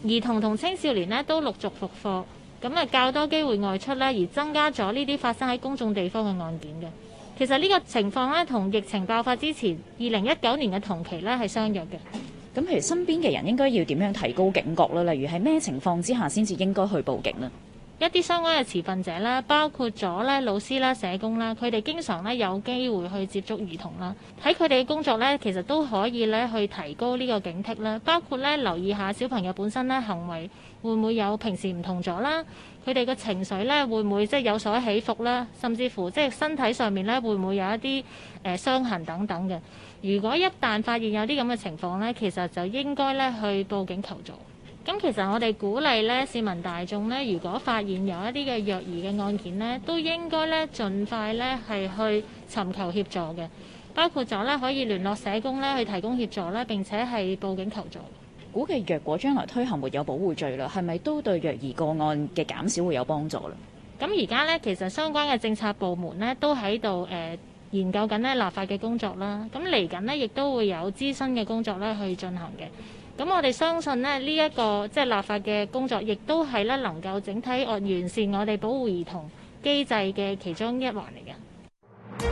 Speaker 12: 兒童同青少年咧都陸續復課，咁啊較多機會外出咧，而增加咗呢啲發生喺公眾地方嘅案件嘅。其實呢個情況咧同疫情爆發之前二零一九年嘅同期咧係相若嘅。
Speaker 21: 咁其實身邊嘅人應該要點樣提高警覺咧？例如係咩情況之下先至應該去報警咧？
Speaker 12: 一啲相關嘅持份者啦，包括咗咧老師啦、社工啦，佢哋經常咧有機會去接觸兒童啦。喺佢哋嘅工作咧，其實都可以咧去提高呢個警惕啦。包括咧留意下小朋友本身咧行為會唔會有平時唔同咗啦，佢哋嘅情緒咧會唔會即係有所起伏啦，甚至乎即係身體上面咧會唔會有一啲誒傷痕等等嘅。如果一旦發現有啲咁嘅情況咧，其實就應該咧去報警求助。咁其實我哋鼓勵咧市民大眾咧，如果發現有一啲嘅虐兒嘅案件咧，都應該咧盡快咧係去尋求協助嘅，包括咗咧可以聯絡社工咧去提供協助咧，並且係報警求助。
Speaker 21: 估計若果將來推行沒有保護罪啦，係咪都對虐兒個案嘅減少會有幫助啦？
Speaker 12: 咁而家咧，其實相關嘅政策部門咧都喺度誒研究緊咧立法嘅工作啦。咁嚟緊咧亦都會有諮詢嘅工作咧去進行嘅。咁我哋相信咧，呢一個即係立法嘅工作，亦都係咧能夠整體完善我哋保護兒童機制嘅其中一環嚟嘅。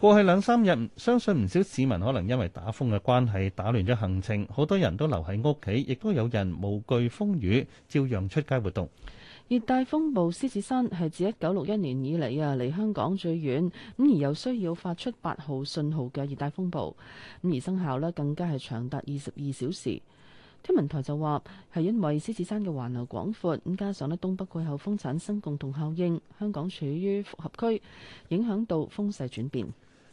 Speaker 4: 過去兩三日，相信唔少市民可能因為打風嘅關係打亂咗行程，好多人都留喺屋企，亦都有人無懼風雨，照樣出街活動。
Speaker 3: 熱帶風暴獅子山係自一九六一年以嚟啊離香港最遠，咁而又需要發出八號信號嘅熱帶風暴，咁而生效呢更加係長達二十二小時。天文台就話係因為獅子山嘅環流廣闊，咁加上呢東北季候風產生共同效應，香港處於輻合區，影響到風勢轉變。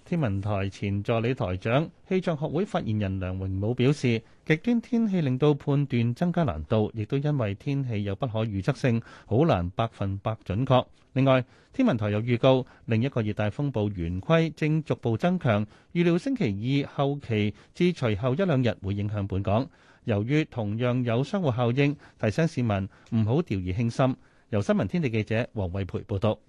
Speaker 4: 天文台前助理台長、氣象學會發言人梁榮武表示，極端天氣令到判斷增加難度，亦都因為天氣有不可預測性，好難百分百準確，另外，天文台又預告另一個熱帶風暴圓規正逐步增強，預料星期二後期至隨後一兩日會影響本港。由於同樣有相互效應，提醒市民唔好掉以輕心。由新聞天地記者黃慧培報道。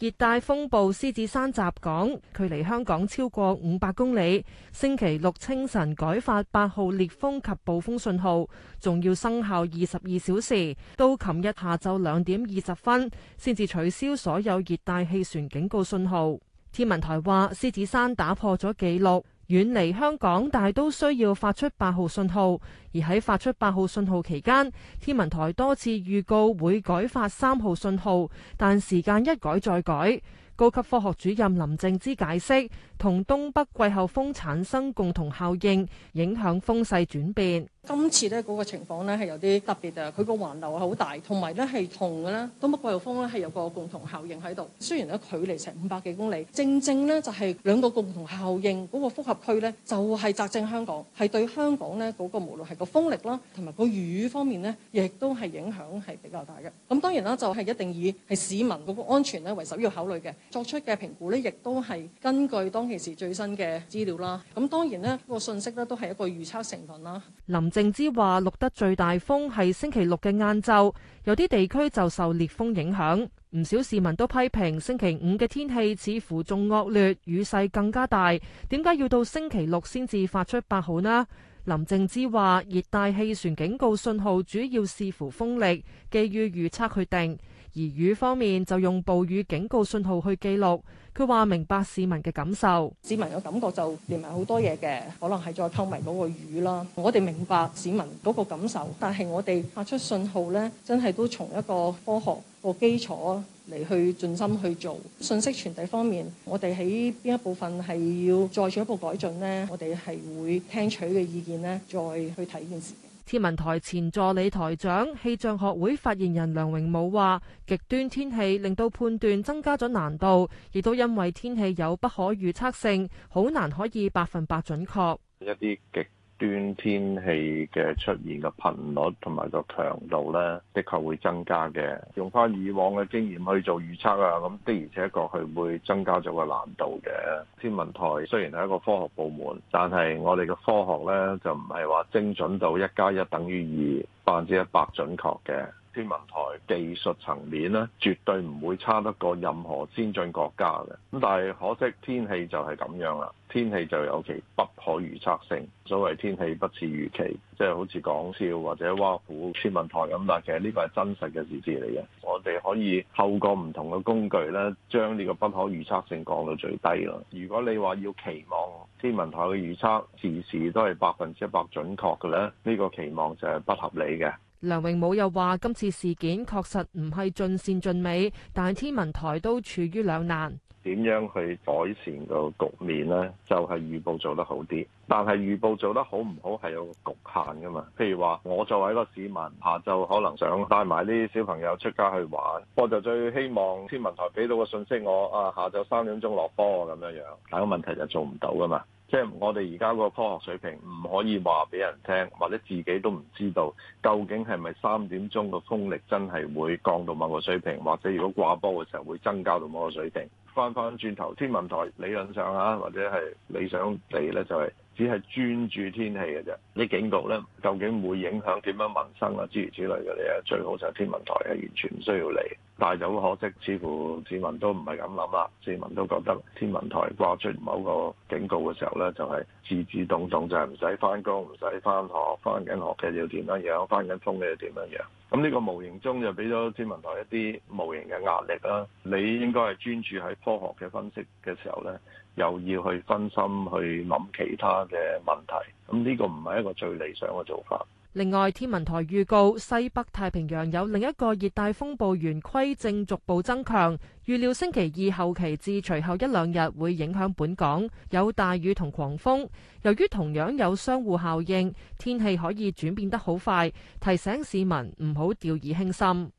Speaker 22: 熱帶風暴獅子山襲港，距離香港超過五百公里。星期六清晨改發八號烈風及暴風信號，仲要生效二十二小時，到琴日下晝兩點二十分先至取消所有熱帶氣旋警告信號。天文台話，獅子山打破咗記錄。遠離香港，大都需要發出八號信號。而喺發出八號信號期間，天文台多次預告會改發三號信號，但時間一改再改。高級科學主任林靜芝解釋，同東北季候風產生共同效應，影響風勢轉變。今次呢嗰個情況呢，係有啲特別嘅，佢個環流係好大，同埋呢係同嘅呢東北季候風呢係有個共同效應喺度。雖然呢距離成五百幾公里，正正呢就係兩個共同效應嗰個複合區呢，就係襲擊香港，係對香港呢，嗰個無論係個風力啦，同埋個雨方面呢，亦都係影響係比較大嘅。咁當然啦，就係一定以係市民嗰個安全呢為首要考慮嘅，作出嘅評估呢，亦都係根據當其時最新嘅資料啦。咁當然呢，個信息呢，都係一個預測成分啦。林林靜芝話，錄得最大風係星期六嘅晏晝，有啲地區就受烈風影響。唔少市民都批評星期五嘅天氣似乎仲惡劣，雨勢更加大，點解要到星期六先至發出八號呢？林靜芝話，熱帶氣旋警告信號主要視乎風力，基於預測去定，而雨方面就用暴雨警告信號去記錄。佢話明白市民嘅感受，市民嘅感覺就連埋好多嘢嘅，可能係再拋埋嗰個魚啦。我哋明白市民嗰個感受，但係我哋發出信號咧，真係都從一個科學個基礎嚟去盡心去做。信息傳遞方面，我哋喺邊一部分係要再進一步改進咧，我哋係會聽取嘅意見咧，再去睇件事。天文台前助理台長、氣象學會發言人梁榮武話：極端天氣令到判斷增加咗難度，亦都因為天氣有不可預測性，好難可以百分百準確。
Speaker 23: 一啲極端天氣嘅出現嘅頻率同埋個強度呢，的確會增加嘅。用翻以往嘅經驗去做預測啊，咁的而且確係會增加咗個難度嘅。天文台雖然係一個科學部門，但係我哋嘅科學呢，就唔係話精準到一加一等於二百分之一百準確嘅。天文台技術層面咧，絕對唔會差得過任何先進國家嘅。咁但係可惜天氣就係咁樣啦，天氣就有其不可預測性。所謂天氣不似預期，即係好似講笑或者挖苦天文台咁，但係其實呢個係真實嘅事實嚟嘅。我哋可以透過唔同嘅工具咧，將呢個不可預測性降到最低咯。如果你話要期望天文台嘅預測時時都係百分之一百準確嘅咧，呢個期望就係不合理嘅。
Speaker 22: 梁永武又話：今次事件確實唔係盡善盡美，但係天文台都處於兩難。
Speaker 23: 點樣去改善個局面呢？就係、是、預報做得好啲。但係預報做得好唔好係有局限噶嘛。譬如話我作為一個市民，下晝可能想帶埋啲小朋友出街去玩，我就最希望天文台俾到個信息我啊，下晝三點鐘落波咁樣樣。但係個問題就做唔到噶嘛。即係我哋而家個科學水平唔可以話俾人聽，或者自己都唔知道究竟係咪三點鐘個風力真係會降到某個水平，或者如果掛波嘅時候會增加到某個水平。翻翻轉頭，天文台理論上啊，或者係理想嚟咧就係、是。只係專注天氣嘅啫，啲警告呢，究竟會影響點樣民生啊，諸如此類嘅嘢，最好就天文台係完全唔需要嚟，但係就好可惜，似乎市民都唔係咁諗啦，市民都覺得天文台掛出某個警告嘅時候呢，就係自自動動，就係唔使翻工，唔使翻學，翻緊學嘅要點樣樣，翻緊工嘅要點樣樣。咁呢個無形中就俾咗天文台一啲無形嘅壓力啦。你應該係專注喺科學嘅分析嘅時候呢。又要去分心去諗其他嘅問題，咁呢個唔係一個最理想嘅做法。
Speaker 22: 另外，天文台預告，西北太平洋有另一個熱帶風暴圓規正逐步增強，預料星期二後期至隨後一兩日會影響本港，有大雨同狂風，由於同樣有相互效應，天氣可以轉變得好快，提醒市民唔好掉以輕心。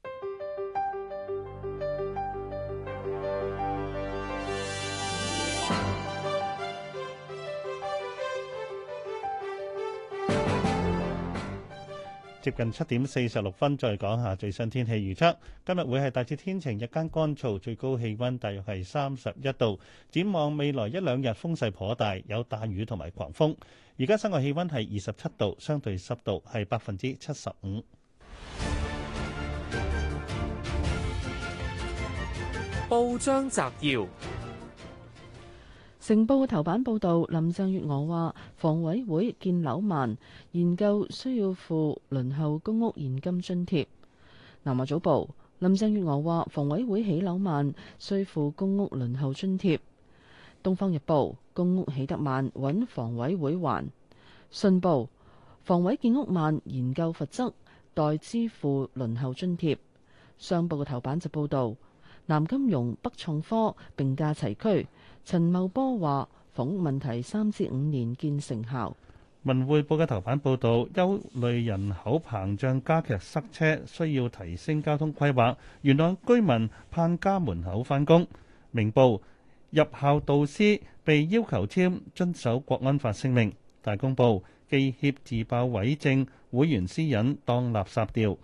Speaker 4: 接近七點四十六分，再講下最新天氣預測。今日會係大致天晴，日間乾燥，最高氣温大約係三十一度。展望未來一兩日，風勢頗大，有大雨同埋狂風。而家室外氣温係二十七度，相對濕度係百分之七十五。報章摘要。
Speaker 3: 《成報》嘅頭版報導，林鄭月娥話：房委會建樓慢，研究需要付輪候公屋現金津貼。《南華早報》林鄭月娥話：房委會起樓慢，需付公屋輪候津貼。《東方日報》公屋起得慢，揾房委會還。《信報》房委建屋慢，研究罰則，代支付輪候津貼。《商報》嘅頭版就報導：南金融北重科並駕齊驅。陳茂波話：房屋問題三至五年見成效。
Speaker 4: 《文匯報》嘅頭版報道：憂慮人口膨脹加劇塞車，需要提升交通規劃。元朗居民盼家門口翻工。《明報》入校導師被要求簽遵守國安法聲明。《大公報》記協自爆偽證，會員私隱當垃圾掉。《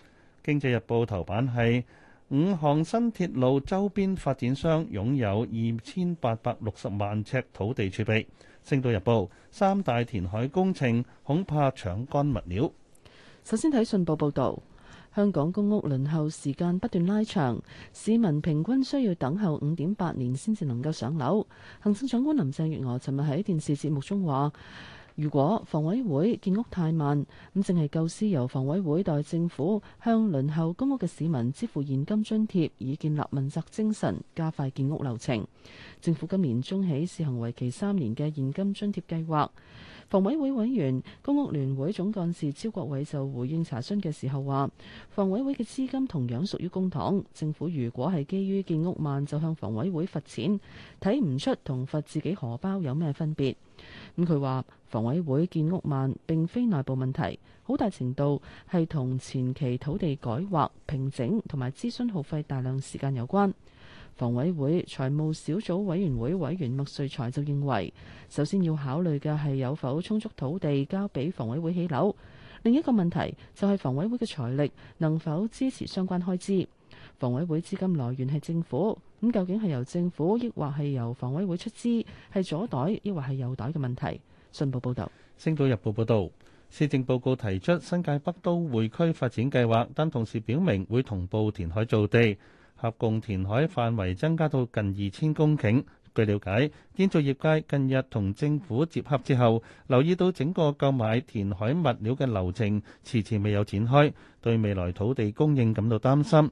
Speaker 4: 經濟日報》頭版係。五項新鐵路周邊發展商擁有二千八百六十萬尺土地儲備。星島日報：三大填海工程恐怕搶
Speaker 3: 乾物料。首先睇信報報導，香港公屋輪候時間不斷拉長，市民平均需要等候五點八年先至能夠上樓。行政長官林鄭月娥尋日喺電視節目中話。如果房委會建屋太慢，咁正係構思，由房委會代政府向輪候公屋嘅市民支付現金津貼，以建立問責精神，加快建屋流程。政府今年中起試行為期三年嘅現金津貼計劃，房委會委員、公屋聯會總幹事招國偉就回應查詢嘅時候話，房委會嘅資金同樣屬於公帑，政府如果係基於建屋慢就向房委會罰錢，睇唔出同罰自己荷包有咩分別。咁佢話：房委會建屋慢並非內部問題，好大程度係同前期土地改劃、平整同埋諮詢耗費大量時間有關。房委會財務小組委員會委員麥瑞才就認為，首先要考慮嘅係有否充足土地交俾房委會起樓。另一個問題就係房委會嘅財力能否支持相關開支。房委會資金來源係政府，咁究竟係由政府抑或係由房委會出資，係左袋抑或係右袋嘅問題？信報報導，
Speaker 4: 《星島日報》報道，施政報告提出新界北都會區發展計劃，但同時表明會同步填海造地，合共填海範圍增加到近二千公頃。據了解，建造業界近日同政府接洽之後，留意到整個購買填海物料嘅流程遲遲未有展開，對未來土地供應感到擔心。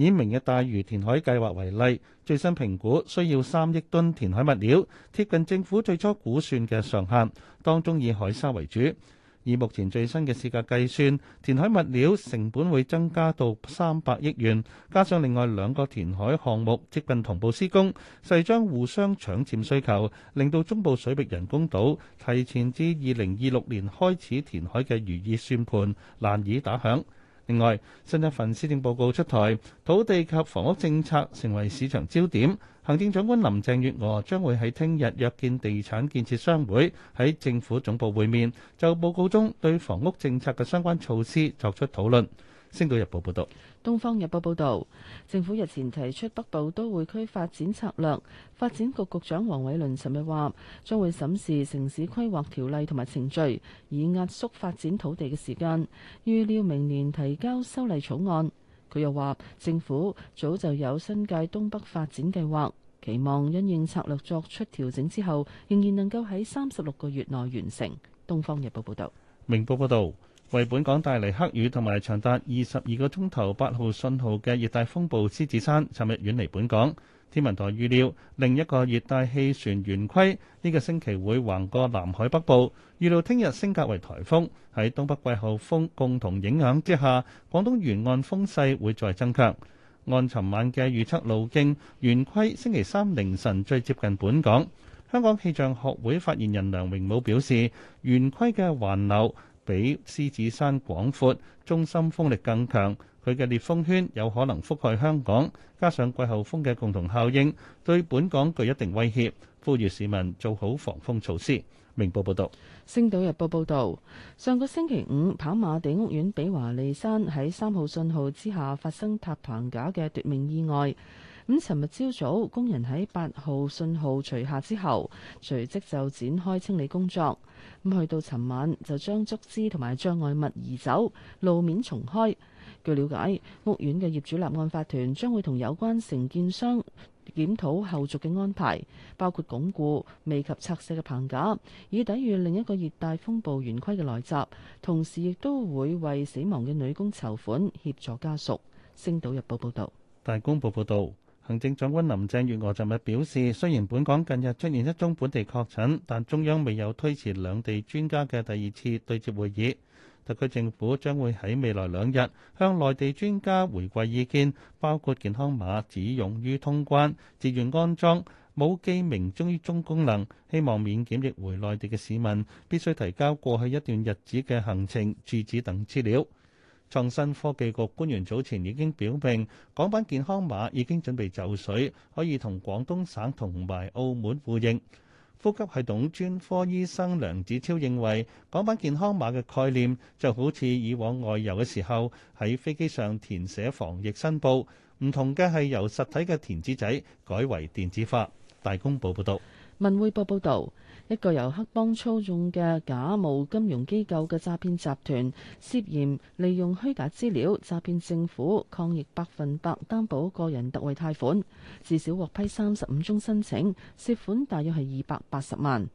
Speaker 4: 以明日大嶼填海計劃為例，最新評估需要三億噸填海物料，貼近政府最初估算嘅上限。當中以海沙為主，以目前最新嘅市價計算，填海物料成本會增加到三百億元。加上另外兩個填海項目接近同步施工，勢將互相搶佔需求，令到中部水域人工島提前至二零二六年開始填海嘅如意算盤難以打響。另外，新一份施政報告出台，土地及房屋政策成為市場焦點。行政長官林鄭月娥將會喺聽日約見地產建設商會，喺政府總部會面，就報告中對房屋政策嘅相關措施作出討論。星島日報報道，
Speaker 3: 東方日報報道，政府日前提出北部都會區發展策略，發展局局長黃偉綸尋日話，將會審視城市規劃條例同埋程序，以壓縮發展土地嘅時間，預料明年提交修例草案。佢又話，政府早就有新界東北發展計劃，期望因應策略作出調整之後，仍然能夠喺三十六個月內完成。東方日報報道，
Speaker 4: 明報報道。為本港帶嚟黑雨同埋長達二十二個鐘頭八號信號嘅熱帶風暴獅子山，尋日遠離本港。天文台預料另一個熱帶氣旋圓規，呢、這個星期會橫過南海北部，預料聽日升格為颱風。喺東北季候風共同影響之下，廣東沿岸風勢會再增強。按尋晚嘅預測路徑，圓規星期三凌晨最接近本港。香港氣象學會發言人梁榮武表示，圓規嘅環流比獅子山廣闊，中心風力更強，佢嘅烈風圈有可能覆蓋香港，加上季候風嘅共同效應，對本港具一定威脅，呼籲市民做好防風措施。明報報導。
Speaker 3: 《星島日報》報導，上個星期五，跑馬地屋苑比華利山喺三號信號之下發生塌棚架嘅奪命意外。咁尋日朝早，工人喺八號信號除下之後，隨即就展開清理工作。咁去到尋晚，就將竹枝同埋障礙物移走，路面重開。據了解，屋苑嘅業主立案法團將會同有關承建商檢討後續嘅安排，包括鞏固未及拆卸嘅棚架，以抵禦另一個熱帶風暴圓規嘅來襲。同時亦都會為死亡嘅女工籌款，協助家屬。《星島日報》報道。《大
Speaker 4: 公報》報道。行政長官林鄭月娥尋日表
Speaker 3: 示，雖然本港近日出現一宗
Speaker 4: 本地確診，但中央未有推遲兩地專家嘅第二次對接會議。特區政府將會喺未來兩日向內地專家回饋意見，包括健康碼只用於通關、自願安裝、冇記名中於中功能。希望免檢疫回內地嘅市民必須提交過去一段日子嘅行程、住址等資料。創新科技局官員早前已經表明，港版健康碼已經準備就緒，可以同廣東省同埋澳門互認。呼吸系統專科醫生梁子超認為，港版健康碼嘅概念就好似以往外遊嘅時候喺飛機上填寫防疫申報，唔同嘅係由實體嘅填紙仔改為電子化。大公報報道。
Speaker 3: 文匯報報導。一個由黑幫操縱嘅假冒金融機構嘅詐騙集團，涉嫌利用虛假資料詐騙政府抗疫百分百擔保個人特惠貸款，至少獲批三十五宗申請，涉款大約係二百八十萬。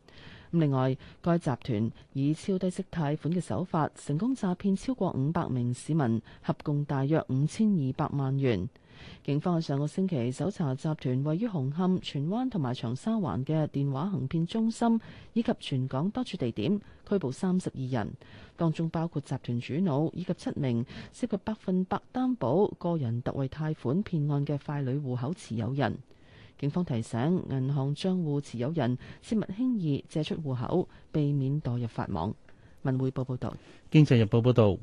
Speaker 3: 另外，該集團以超低息貸款嘅手法，成功詐騙超過五百名市民，合共大約五千二百萬元。警方喺上個星期搜查集團位於紅磡、荃灣同埋長沙灣嘅電話行騙中心，以及全港多處地點，拘捕三十二人，當中包括集團主腦以及七名涉及百分百擔保個人特惠貸款騙案嘅傀儡戶口持有人。警方提醒銀行賬戶持有人切勿輕易借出戶口，避免墮入法網。文匯報報道，經
Speaker 4: 濟日報報道。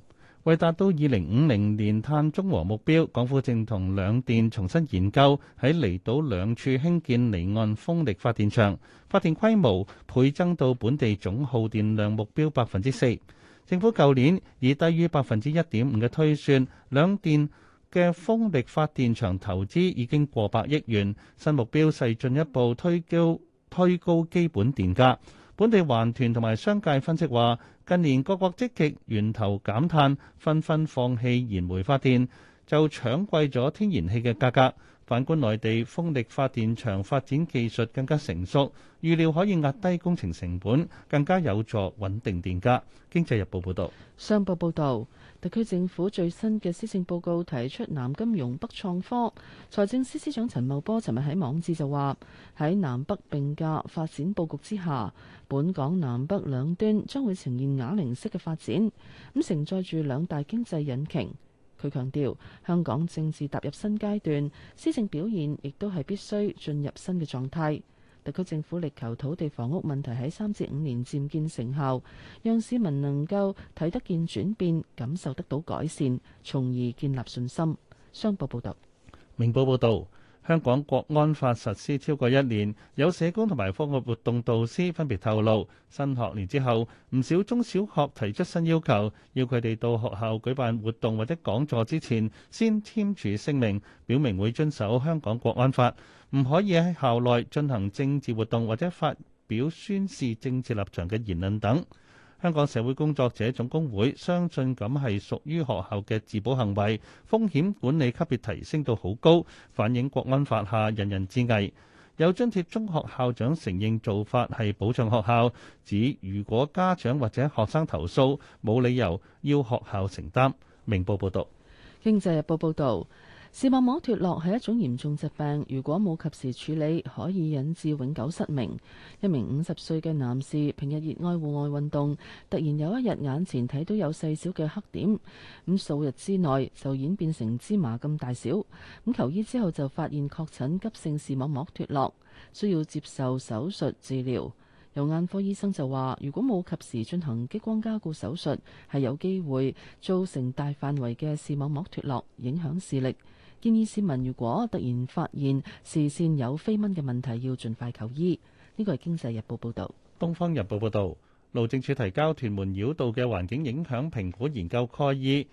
Speaker 4: 為達到二零五零年碳中和目標，港府正同兩電重新研究喺離島兩處興建離岸風力發電場，發電規模倍增到本地總耗電量目標百分之四。政府舊年以低於百分之一點五嘅推算，兩電嘅風力發電場投資已經過百億元。新目標勢進一步推高推高基本電價。本地環團同埋商界分析話。近年各國積極源頭減碳，紛紛放棄燃煤發電，就搶貴咗天然氣嘅價格。反觀內地風力發電場發展技術更加成熟，預料可以壓低工程成本，更加有助穩定電價。經濟日報報導，
Speaker 3: 商報報導。特區政府最新嘅施政報告提出南金融北創科，財政司司長陳茂波尋日喺網誌就話：喺南北並駕發展佈局之下，本港南北兩端將會呈現啞鈴式嘅發展，咁承載住兩大經濟引擎。佢強調，香港政治踏入新階段，施政表現亦都係必須進入新嘅狀態。特區政府力求土地房屋問題喺三至五年漸見成效，讓市民能夠睇得見轉變，感受得到改善，從而建立信心。商報報導。
Speaker 4: 明報報導。香港國安法實施超過一年，有社工同埋科學活動導師分別透露，新學年之後，唔少中小學提出新要求，要佢哋到學校舉辦活動或者講座之前，先簽署聲明，表明會遵守香港國安法，唔可以喺校內進行政治活動或者發表宣示政治立場嘅言論等。香港社會工作者總工會相信咁係屬於學校嘅自保行為，風險管理級別提升到好高，反映國安法下人人自危。有津貼中學校長承認做法係保障學校，指如果家長或者學生投訴，冇理由要學校承擔。明報報道。
Speaker 3: 《經濟日報》報道。視網膜脫落係一種嚴重疾病，如果冇及時處理，可以引致永久失明。一名五十歲嘅男士平日熱愛戶外運動，突然有一日眼前睇到有細小嘅黑點，咁數日之內就演變成芝麻咁大小。咁求醫之後就發現確診急性視網膜脫落，需要接受手術治療。有眼科醫生就話，如果冇及時進行激光加固手術，係有機會造成大範圍嘅視網膜脫落，影響視力。建議市民如果突然發現視線有飛蚊嘅問題，要盡快求醫。呢個係《經濟日報》報導，
Speaker 4: 《東方日報》報導，路政署提交屯門繞道嘅環境影響評估研究概要，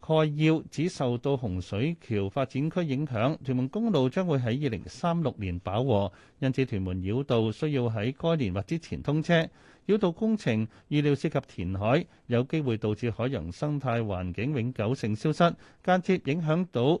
Speaker 4: 概要指受到洪水橋發展區影響，屯門公路將會喺二零三六年飽和，因此屯門繞道需要喺該年或之前通車。繞道工程預料涉及填海，有機會導致海洋生態環境永久性消失，間接影響到。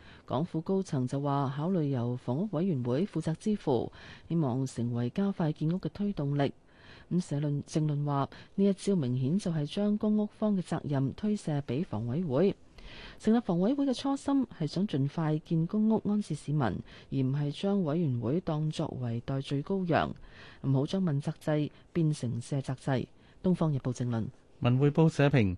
Speaker 3: 港府高層就話，考慮由房屋委員會負責支付，希望成為加快建屋嘅推動力。咁社論政論話，呢一招明顯就係將公屋方嘅責任推卸俾房委會。成立房委會嘅初心係想盡快建公屋安置市民，而唔係將委員會當作為代罪羔羊。唔好將問責制變成卸責制。《東方日報》政論，
Speaker 4: 《文匯報》社評。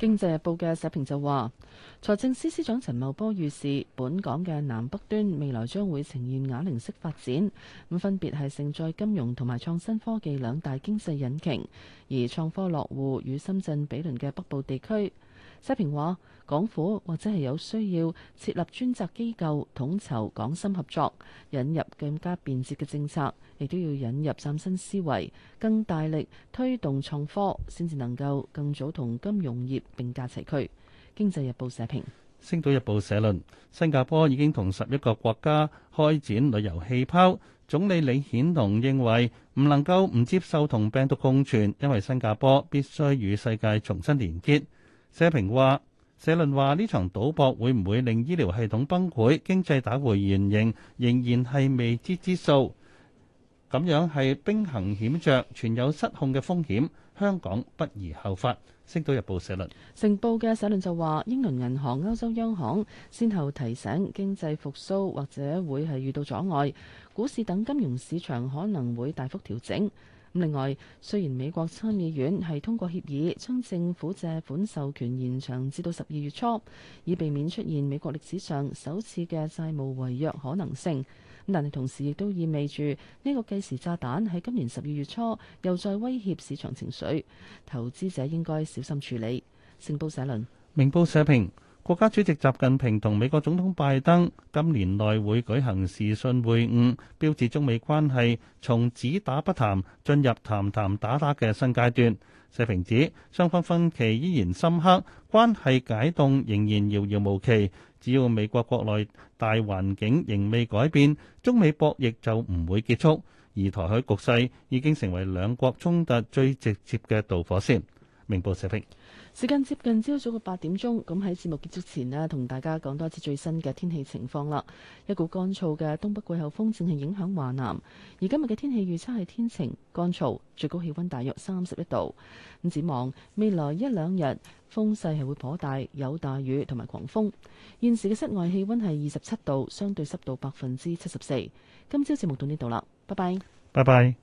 Speaker 3: 《經濟日報》嘅社評就話，財政司司長陳茂波預示，本港嘅南北端未來將會呈現啞鈴式發展，咁分別係盛載金融同埋創新科技兩大經濟引擎，而創科落戶與深圳比鄰嘅北部地區。社評話：港府或者係有需要設立專責機構，統籌港深合作，引入更加便捷嘅政策，亦都要引入嶄新思維，更大力推動創科，先至能夠更早同金融業並駕齊驅。經濟日報社評，
Speaker 4: 星島日報社論：新加坡已經同十一個國家開展旅遊氣泡。總理李顯龍認為唔能夠唔接受同病毒共存，因為新加坡必須與世界重新連結。社評話：社論話呢場賭博會唔會令醫療系統崩潰、經濟打回原形，仍然係未知之數。咁樣係兵行險著，存有失控嘅風險。
Speaker 3: 香港不
Speaker 4: 宜效法。《星島日報》社論。
Speaker 3: 成報嘅社論就話：英倫銀行、歐洲央行先後提醒，經濟復甦或者會係遇到阻礙，股市等金融市場可能會大幅調整。另外，雖然美國參議院係通過協議將政府借款授權延長至到十二月初，以避免出現美國歷史上首次嘅債務違約可能性，但係同時亦都意味住呢個計時炸彈喺今年十二月初又再威脅市場情緒，投資者應該小心處理。星報社論。
Speaker 4: 明報社評。國家主席習近平同美國總統拜登今年內會舉行視訊會晤，標誌中美關係從只打不談進入談談打打嘅新階段。社評指雙方分歧依然深刻，關係解凍仍然遙遙無期。只要美國國內大環境仍未改變，中美博弈就唔會結束。而台海局勢已經成為兩國衝突最直接嘅導火線。明報社評。
Speaker 3: 時間接近朝早嘅八點鐘，咁喺節目結束前呢，同大家講多一次最新嘅天氣情況啦。一股乾燥嘅東北季候風正係影響華南，而今日嘅天氣預測係天晴乾燥，最高氣溫大約三十一度。咁展望未來一兩日，風勢係會頗大，有大雨同埋狂風。現時嘅室外氣溫係二十七度，相對濕度百分之七十四。今朝節目到呢度啦，拜拜，
Speaker 4: 拜拜。